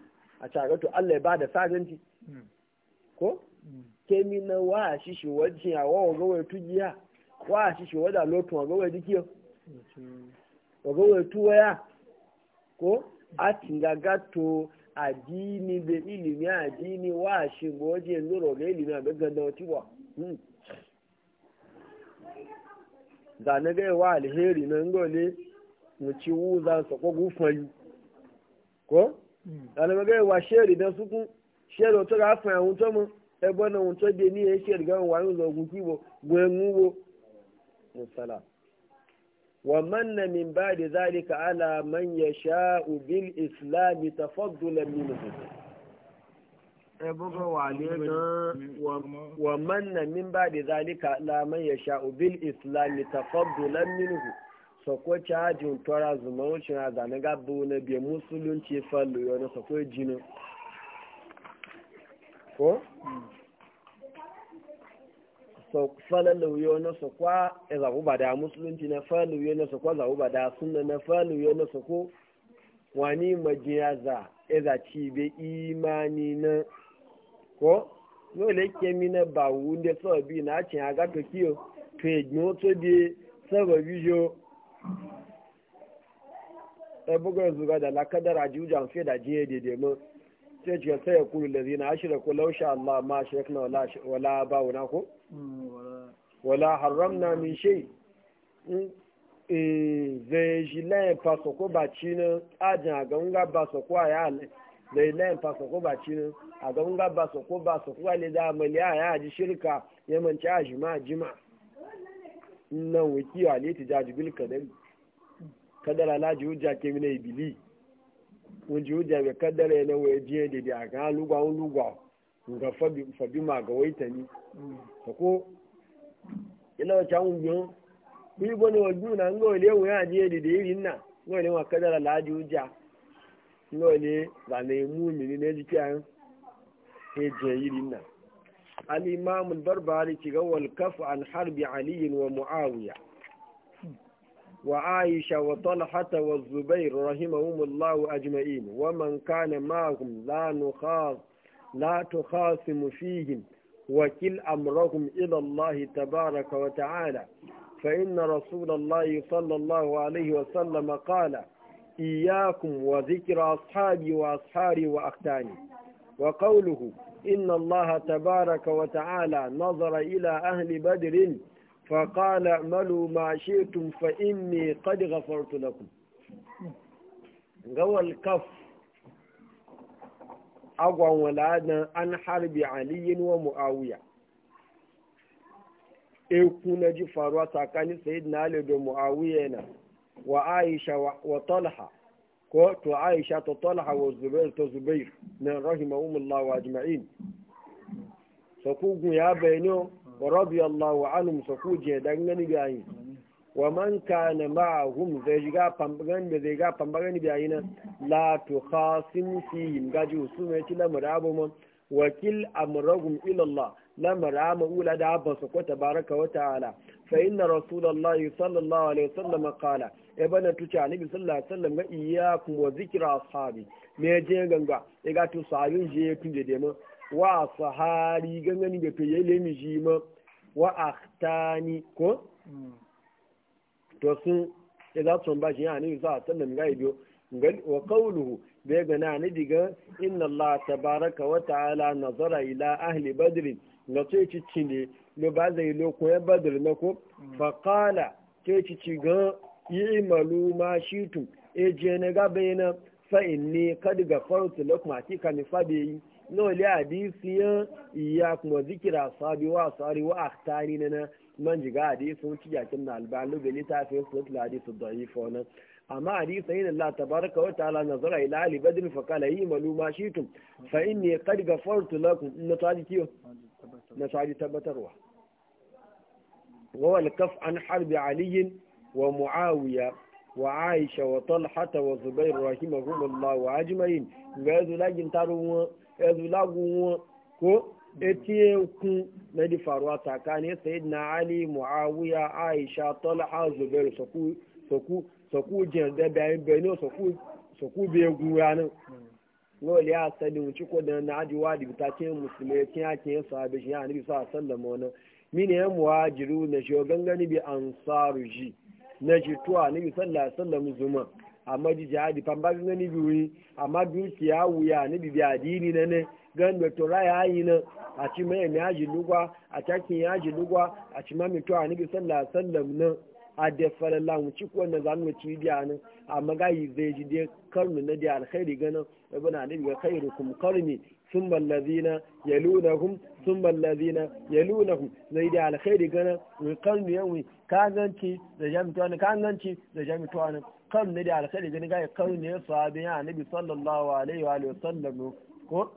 a to allah ya bada da sajanci mm. ko mm. kemi na wa shishi wajin a wawa gawar tujiya wa shishi wada lotun a gawar jikiyo a gawar tuwaya ko a to addini da ilimi addini wa shi waje loro ga ilimi a gaggan da wata wa da na gaya wa alheri na gole mu ci wuza su ko gufayu hmm. ko da na gaya wa sheri da su kun sheri wata ga afin yawon mu. ebe na wuce da e ni ya ce rigar wani zogun kibo gwen uwo musala wa manna min ba da zalika ala man ya sha'u bil islami tafaddulan minhu ebuga wale na wa manna min ba da zalika ala man ya sha'u bil islami tafaddulan minhu sako cajin tora zuma a zanen gabo na biya musulunci fallo yana sako jinin ko so falalu na so kwa e zagu musulunci na falalu yo na so kwa zagu ba na falalu yo na so ko wani majiya aza eza be imani na ko no le kemi na ba wunde so bi na cin aga to kiyo to egno to di sababi yo e bugo zuga da lakadara jujan fe da jiye dede mo sai ce sai ya kulu da zina ashira ku lausha Allah ma shirkna wala ba wuna ko wala na min shay zai shi layin faso ko ba ci nan ajin a ga ba so ko a ya zai layin faso ko ba ci nan a ga ba so ko ba so ko a le da amali a ya ji shirka ya manci a jima jima nan wiki a leti jajibil kadari kadara laji hujja ke mina ibili wunji wuja mai kaddara yana waya jiya da da ga lugwa lugwa ga fabi ma ga waita ni ta ko ila wacce un biyo bi bone wa duna ngo le wuya jiya da da irin na ngo le wa kaddara la ji wuja ngo le ba ne mu mi ne ji kiyan he je irin na al imam al barbari ci ga wal kaf an harbi ali wa muawiya وعائشة وطلحة والزبير رحمهم الله أجمعين ومن كان معهم لا نخاص لا تخاصم فيهم وكل أمرهم إلى الله تبارك وتعالى فإن رسول الله صلى الله عليه وسلم قال إياكم وذكر أصحابي وأصحاري وأختاني وقوله إن الله تبارك وتعالى نظر إلى أهل بدر فقال اعملوا ما شئتم فاني قد غفرت لكم قوى الكف اقوى ولادنا ان حرب علي ومعاوية إيكونا فاروا ساكاني سيدنا علي ومعاوية وعائشه وطلحه قلت عائشه وطلحه والزبير تزبير من رحمهم الله واجمعين سكوكم يا بينو allah wa anhum su kuje dangane biyayi wa man kana ma'ahum zai shiga fambagan da zai ga fambagan biyayi nan la tu khasim fi gaji su mai ci lamar abu man wakil amrahum ila Allah lamar ama ula da abba su ko tabaraka wa ta'ala fa inna rasulullahi sallallahu alaihi wasallam qala e bana tuce annabi sallallahu alaihi wasallam ga iyyakum wa zikra ashabi me je ganga e ga tu sayun je tunje demo wa sahari gangani da fiye lemi shi ma wa akhtani ko mm. to sun ya za su shi ya ne sa a sallam ga ibiyo wa da ya gana ni diga inna Allah tabaraka wa ta'ala nazara ila ahli badri na ce ci ne lo ba zai lo ya badr na ko mm. fa qala ce ci ga yi malu ma shitu e je ne ga bayna fa inni kad gafartu lakum hakika fa fabe yi no le hadisi ya iya kuma zikira sabi wa sari wa akhtari na na man jiga hadisi sun kiya kin da albalu ga litafi sun hadisi da'if wannan amma hadisi yin Allah tabaraka wa ta'ala nazara ila ali badr fa qala yi maluma shitum fa inni qad ghafartu lakum na na taji tabbatarwa wa kaf an harbi ali wa muawiya wa aisha wa talha wa zubair rahimahumullah wa ajmain ga yanzu lagin taruwa ezulagu lagunwo ko etinye ku na di faruwa tsakanin sayyidina ali muawiya aisha talha zubair soku soku jin da bayan beno soku soku be guranin no le ya sadi mu da na ya kin sahabi shi annabi sallallahu alaihi na shi gangani bi ji na shi tuwa annabi zuma gangani bi wuri amma ya wuya ni bibi adini ne ne gan da to ya yi na a ci mai me aji lugwa a takin ya aji lugwa a ci ma mito a nibi sallallahu alaihi wasallam na a da falalla mu ci kowanne za mu ci biya nan amma ga yi zai ji dai karnu na da alkhairi ganin ibn ali ga khairukum qarni thumma alladhina yalunahum thumma alladhina yalunahum zai da alkhairi ganin mu karnu yawi ka ganci da jami'tuwa ka ganci da jami'tuwa kan ne da alkhairi gani ga kan ne sahabi ya nabi sallallahu alaihi wa sallam ko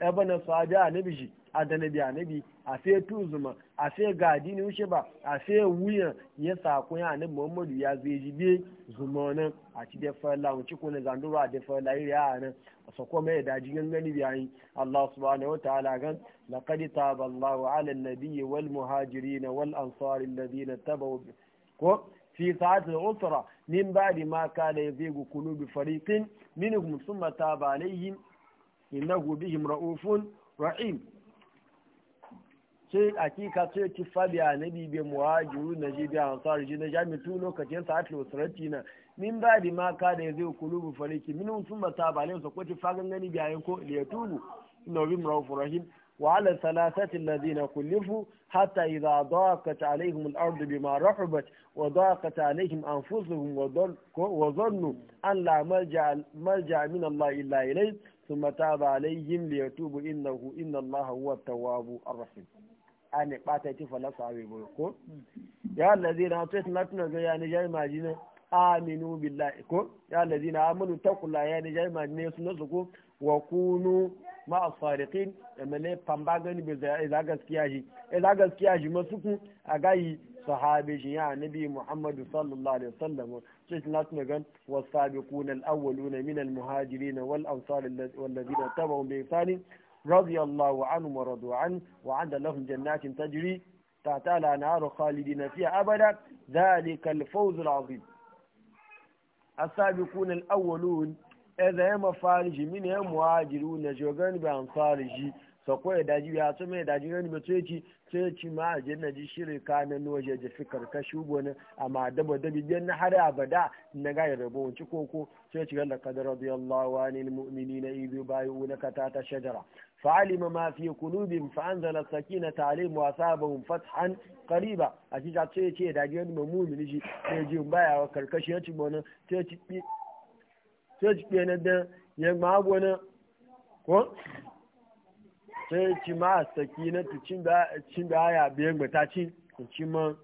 ebana eh, sahabi annabi shi adanabi nabi a sai tuzuma a sai gadi ne wuce ba a sai wuya ya sako ya nabi muhammadu ya zai ji be zuma a ci da falla wuce ko ne zandu a da ya yi a nan a sako mai gani gangani biyayi allah subhanahu wa ta'ala gan laqad taba allah ala an-nabiyyi wal muhajirin wal ansar alladhina tabawu ko في ساعات العسرة من بعد ما كان يزيغ قلوب فريق منهم ثم تاب عليهم إنه بهم رؤوف رحيم sai hakika sai ki fabi a nabi bai muhajiru na ji biya ansar ji na jami tu lokacin sa atlo na min ba ma ka da zai kulubu fariki min sun mata ba ne su fagan gani biya ko liya tubu ina bin rahim وعلى الثلاثة الذين كلفوا حتى إذا ضاقت عليهم الأرض بما رحبت وضاقت عليهم أنفسهم وظنوا أن لا ملجع من الله إلا إليه ثم تاب عليهم ليتوبوا إنه إن الله هو التواب الرحيم أنا قاتلت فلسعة بيقول يا الذين أعطيتنا أتنا يعني جاي ما جينا آمنوا بالله يا الذين آمنوا تقول الله يعني جاي ما جينا يسنسكم وكونوا ma a sadiqin da mele pamba gani bai e zai iza gaskiya shi iza e gaskiya shi masu kun a gayi sahabe shi ya nabi muhammadu sallallahu alaihi wasallam sai shi nasu gan wasabiquna alawwaluna min almuhajirin wal ansar alladhina tabi'u bi ihsan radiyallahu anhum wa radu an wa anda lahum jannatin tajri tahta al-anhar khalidina fiha abada dhalika al-fawz al-azim as-sabiquna al-awwaluna ẹzẹ ẹ mọ fariji mí ni ẹ mọ àjìrú nà ṣe ọ̀gá níbi àǹfààrí yìí sọ̀kọ́ ìdájí bí atúmọ̀ ìdájí rẹ̀ níbi tó ẹ̀kí tó ẹ̀kí máa jẹ́ nà jí ṣírí ká ẹjẹ fi jẹ̀fi karkashi ugbo na àmà àdàbọ̀ dẹ́bi jẹ́ ní hàrẹ́ àbàdà nà gáyẹ̀ rẹ̀ bọ̀ wọ̀nci kókó tó ẹ̀kí rẹ̀ lakadà rọ̀bì allawa ní mímí na ibi báyìí wọ́n ka ta ta shajara فعلم ما في قلوبهم فأنزل السكينة عليهم وأصابهم فتحا قريبا أشي جاتشي يدعي أن مؤمن يجي يجي مبايع وكركشي sai ci ke na dan yamma na ko sai ci ma a saki na tucin da aya biyan gbataci ci ma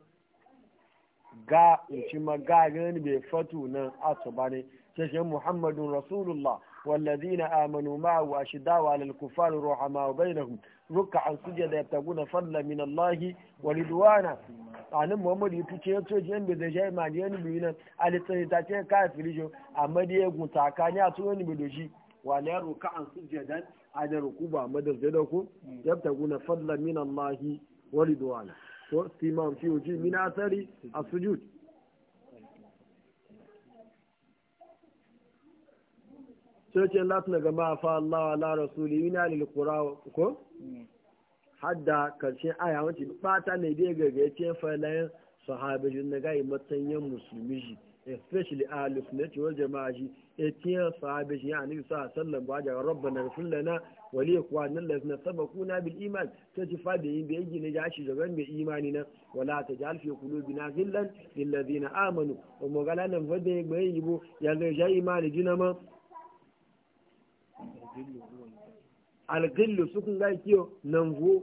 ga ci ma ga gani bai fatu nan asuba ne sai shi muhammadun rasulullah والذين آمنوا معه أشداء على الكفار رحماء بينهم ruka an suje da sujada guna fadla min Allah wa ridwana anan Muhammad yutu ce yato je inda da jai mani yani bi nan alitani ta ce ka firijo amma da ya guta ka ni a tuwo ni bi doji wa la ruka an suje rukuba a da ku yabtaguna fadla min Allah wa ridwana to sima fi wuji min asari as-sujud sai ce Allah tuna gama fa Allah ala rasuli yana lil qura ko hadda karshen aya wace fata ne dai ga ya ce fa na gai matsayin musulmi shi especially ahli sunnati wal jama'a shi etiyan sahabijin ya annabi sallallahu alaihi sallan ba ja rabbana ighfir lana wa li ikhwanina alladhina sabaquna bil iman ta ci fa da yin da ne ja shi gaban mai imani na wala ta tajal fi qulubina ghillan lil ladina amanu wa magalana fa da bai yibo ya ga ja imani jinama alghillu su kun ga kiyo nan go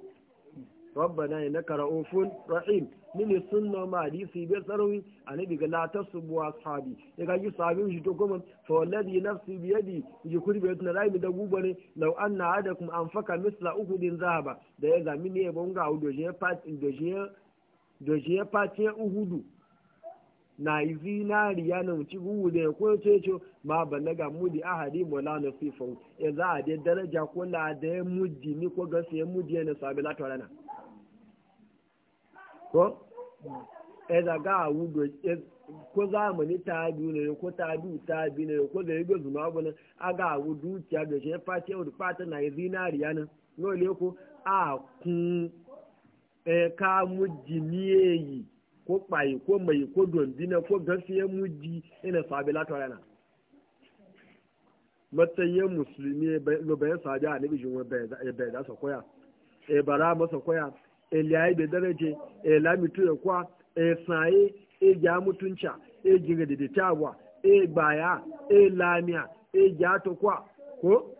rabbana innaka ra'ufun rahim mini sunna ma hadisi be sarawi annabi ga la tasbu ashabi ya ga yusabi shi to goma fa wallazi nafsi bi yadi ji kuri be tuna rai da guba ne law anna adakum anfaka misla uhudin zahaba da ya zamini ya bonga udoje pat udoje uhudu na izi na gugu da ya koyo ceco ma ba na ga mudi ahadi mola na ya e za a dai daraja ko la da ya mudi ni ko ya mudi ya na sabi la ko ya e za ga wudo e ko ta biyu ne ko ta biyu ta biyu ne ko da ya gozu gwanin a ga wudu dukiya da shi ya fata yau da fata na zinariya na yau ne ko a kun ka mudi ni yi ko kpayi ko mai ko dondina ko gafiyan muji ina sabi latwara na matsayin musulmi lo bayan sabi a nabi jin bai da sa koya e bara masa koya e liyayi da daraje e lamitu ya kwa e saye e ja mutunca e jinga da dattawa e baya e lamiya e ja to kwa ko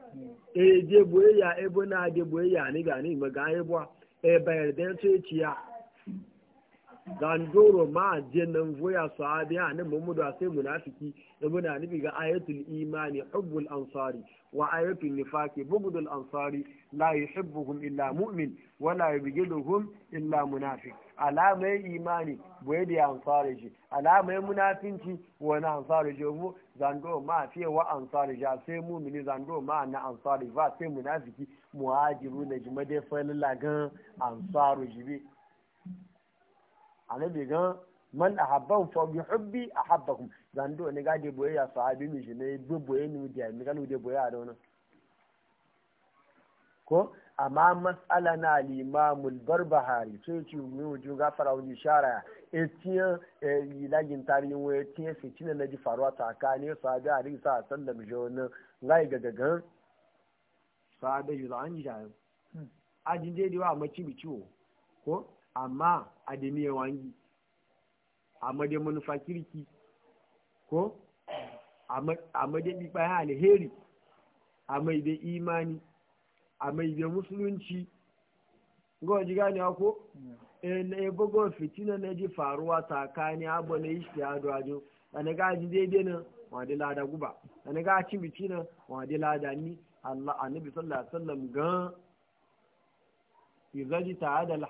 e je boyayya e bona je boyayya ni gani maga e bwa e bayar da ya ce ciya gandoro ma jenan voya sahabi a nan mamudu sai munafiki da muna nufi ga ayatul imani hubbul ansari wa ayatul nifaki bugudul ansari la yuhibbuhum illa mu'min wa la yubghiduhum illa munafiq alamai imani boye da ansari ji alamai munafinci wa na ansari ji mu zando ma fiye wa ansari ji sai mu'mini zando ma na ansari ba sai munafiki muhajiru na jima dai fa lagan ansaru jibi annabi gan man ahabban fa bi hubbi ahabbakum zan do ne gade boye ya sahabi mi shi ne bo boye ni dia mi galu de boye a don ko amma mas'ala na al-imam al-barbahari sai ci mu wuju gafara wuju shara e tiya e lagin tarihin waye tiya fitina na ji faruwa ta tsakani sahabi a risa sallam ga ngai gagagan sahabi yuzu an ji jayo hmm. a jinde diwa maci bi ciwo ko amma a da wangi amma dai manufa kirki ko amma dai ɗiɓaya alheri amma dai imani amma dai musulunci ga waje ya ko eh, na ebogon fitina na ji faruwa tsakanin abu na ishi ya dwajo da na gaji daidai nan wadi lada guba da na gaci bici nan wadi lada ni Allah annabi sallallahu alaihi wasallam ga izaji ta'ada al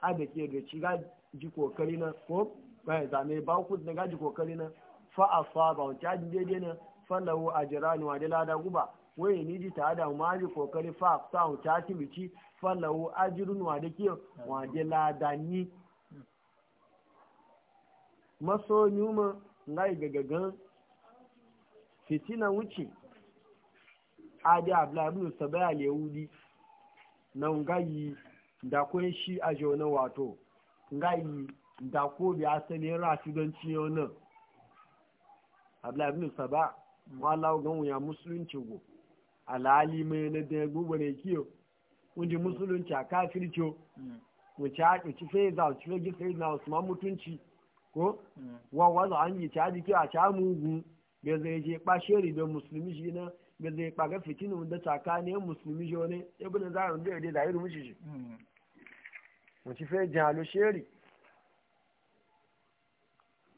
a da ke da ci ga ji kokari na ko ya zane ba ku da ga ji kokari na fa asaba wa ta daidai na falahu ajrani wa dala da guba waye ni ji ta da ma ji kokari fa afsa wa ta ti bici falahu ajrun wa da ke wa dala da ni maso nyuma ngai gagagan fitina wuce adi abla ibn sabai al yahudi na ngayi da kun shi a jona wato ngayi da ko bi asali na abu abdullahi ibn saba wala ga ya musulunci go alali mai na da gugu ne kiyo unji musulunci a kafirci mm. wuce a ci sai za ci sai sai na usman mutunci ko mm. wa wazo an yi ta jiki a ta mugu da zai je bashe ribe musulmi shi na ga zai ɓaga fitinin da ne musulmi jo ne ya bi na za a rundu ya dai zahiri mushi shi mutu hmm. fai jalo sheri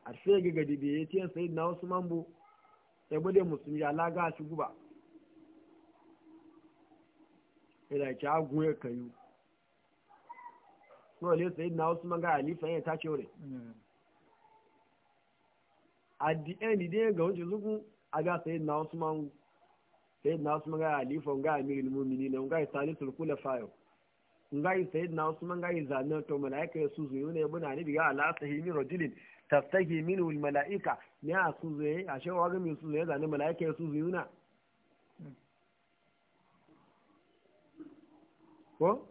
a sai ga gadi ya tiyan sayi na wasu mambo ya bude musulmi ya laga shi guba ya da ki agun ya kayu so le sayi na wasu manga alifa ya tace wure a di end dai ga wancan zugun a ga sayi na wasu mambo sayyidina usman ga halifa ga amirul mu'minin ga salisul khulafa ga sayyidina usman ga zanna to malaika yasu zuyu ne buna nabi ga ala sahimi rajulin taftahi minhu al malaika ne a su zuye a shewa ga mi su zuye zanna malaika yasu zuyu na ko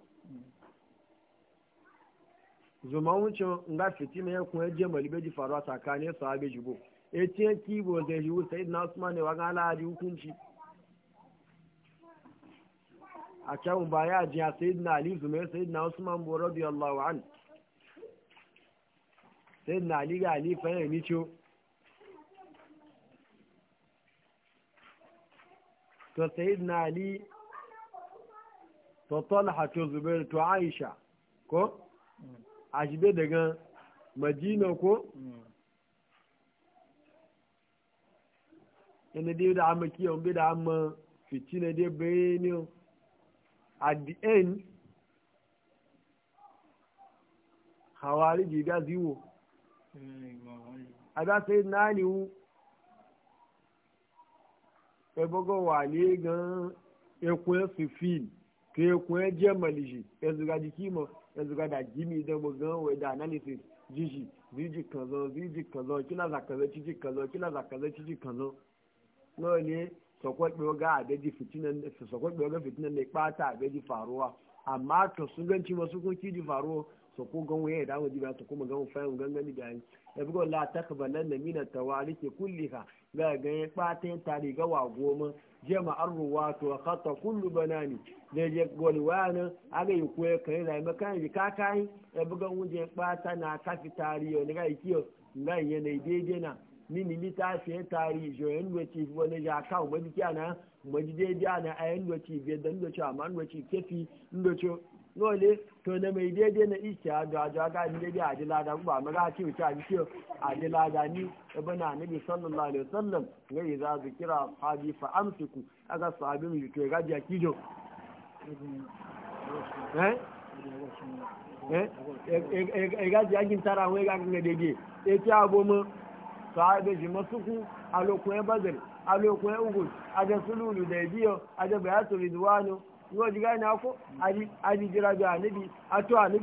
zuma wuce nga fitina ya kuma je malibeji faruwa tsakanin sahabe jibo e tiyan kibo zai jiwu sayyidina usman ne wa ga ala hukunci a can baya jiya sayyidina ali zumair sayyidina usman bo radiyallahu an sayyidina ali ga ali fa ni to sayyidina ali to talha to zubair to aisha ko a shibe daga madina ko yana dai da amma kiyon at the end hawariji ga ziwo a za sai na niwu ebogo wale gan ekun fifin ka ekun jemaliji yanzu ga jiki ma yanzu ga da jimi de bo gan wai da analysis jiji jiji kazo jiji kazo kila za kazo jiji kazo kila za kazo jiji kazo nawa ne sakwaɗo ga abeji fitinan sakwaɗo ga fitinan ne ɓata faruwa amma to sun ganci masu kun kiji faruwa so ko gan waye da mu jiba to kuma gan fayin gangani da yi da bugo la takbalan na mina tawalike kulliha ga ga ya ɓata ta ga wa goma jama arruwa to khata kullu banani da je golwana aga yi koya ka yi da makan yi kakai da bugo unje ɓata na kafi tariyo ne ga yi kiyo ga yanayi daidai na mini littafin tarihi joyen lokaci wani ya kawo wani kyana wani ana a yan lokaci biyar da lokaci amma lokaci kefi lokaci nole to na mai daidai na iske a jaja ga ni daidai a dilada ba ma ga ci wuce a jike a dilada ni ibn e bi sallallahu alaihi wasallam ga idza zikira sahabi fa amsiku aga sahabin yuto e ga ja kijo eh eh eh e, ga ja gin tara ga ga sahabe ji masuku a lokacin e badr a lokacin e uhud a da sululu da biyo a da bayatu ridwanu e yóò di gáyìn akó adìjira anibi, àníbi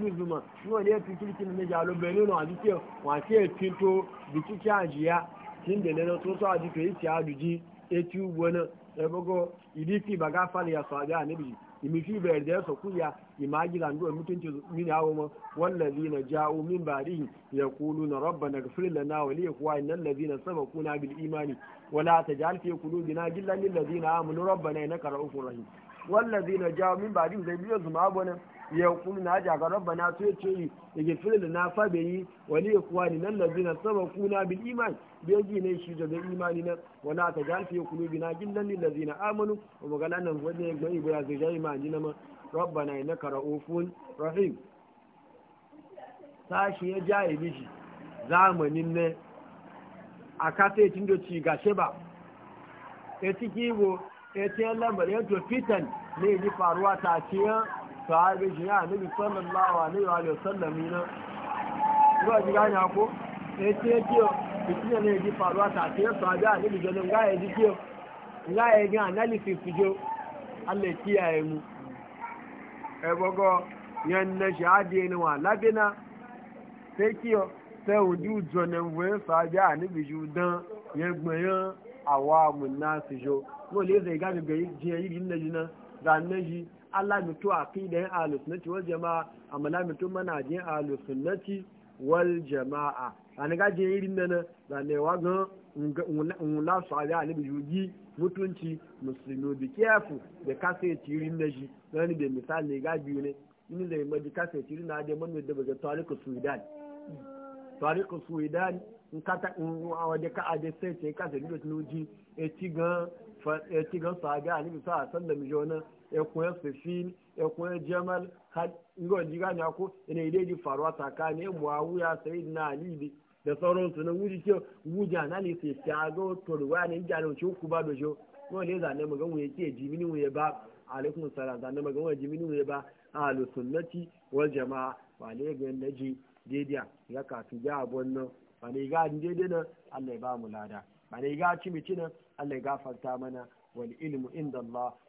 ató zuma yóò lé tu kiri kiri méjì alóbẹ nínú àdìsẹ wọn àti ètí tó bí kíkí àjìyá tí ń dèlé náà tó tó àdìsẹ ètí àdùjí etí wọnà ẹgbẹgbọ ìdí tí fali falẹ yàtọ a àníbi yìí. imi fi bayar da yasa kuya ima gida ndo mutunci min hawa ma na ja'o min na na rabbana ighfir lana wa li na saba kuna bil imani wa la taj'al fi qulubina gillan lil rabba na rabbana innaka ra'ufur rahim na ja'o min bari zai biyo zuma abona ya kuma na haja ga rabbana to ya ce yi da gifir da na fabe yi wani ya kuwa ni nan da zina saba kuna bil iman ji ne shi daga imani na wala ta jalfi ya kulu bina gillan lil lazina amanu wa magana nan wanda ya gani ba zai ga imani na ma rabbana innaka raufun rahim sashi ya jahili shi zamanin ne a kasa ya tindo ci gashe ba ya e ciki bo ya ce lambar ya e to fitan ne ji faruwa ta ciyar sahabi shi ya nabi sallallahu alaihi wa sallam ne ruwa ji gane ko eh, sai ce ya ce fitina ne ji faruwa ta ce sahabi a nabi ganin ga ya ji ce ga ya ji analysis su jo Allah kiyaye mu e bogo yan na shahadi ne wa labina sai kiyo sai wudu jonan wo sahabi a nabi ju dan yan gbayan awa munna su jo mo le zai ga ga ji yi din na ji da na Allah a aqidan ahlus sunnati wal jamaa amala mutu manajin ahlus sunnati wal jamaa a ga je irin nan da ne wa ga ngula sahabi annabi yuji mutunci musulmi bi kefu da kasa tirin na shi wani da misali ga biyu ne in zai maji kasa tirin na da manu da baga tariku sudan tariku sudan in ka ta wajen ka aje sai ce kasa tirin da tunuji e ci gan sahabi e annabi sa sallam jona ekun sifin ekun jamal ngo jiga ne ko ina ide ji faruwa tsakanin muawiya sayyid na ali da sauransu na wuji ce wuja na ne sai ta ga torwa ne ja ne ku ba dojo ko ne zane mu ga mu yake jimini mu ba alaikum salam zane mu ga mu jimini mu ba ahlu sunnati wal jamaa wa ne ga naji dediya ya ka tu ja bonno ba ne ga daidai na Allah ya ba mu lada ba ne ga ci mici na Allah ya gafarta mana wal ilmu inda Allah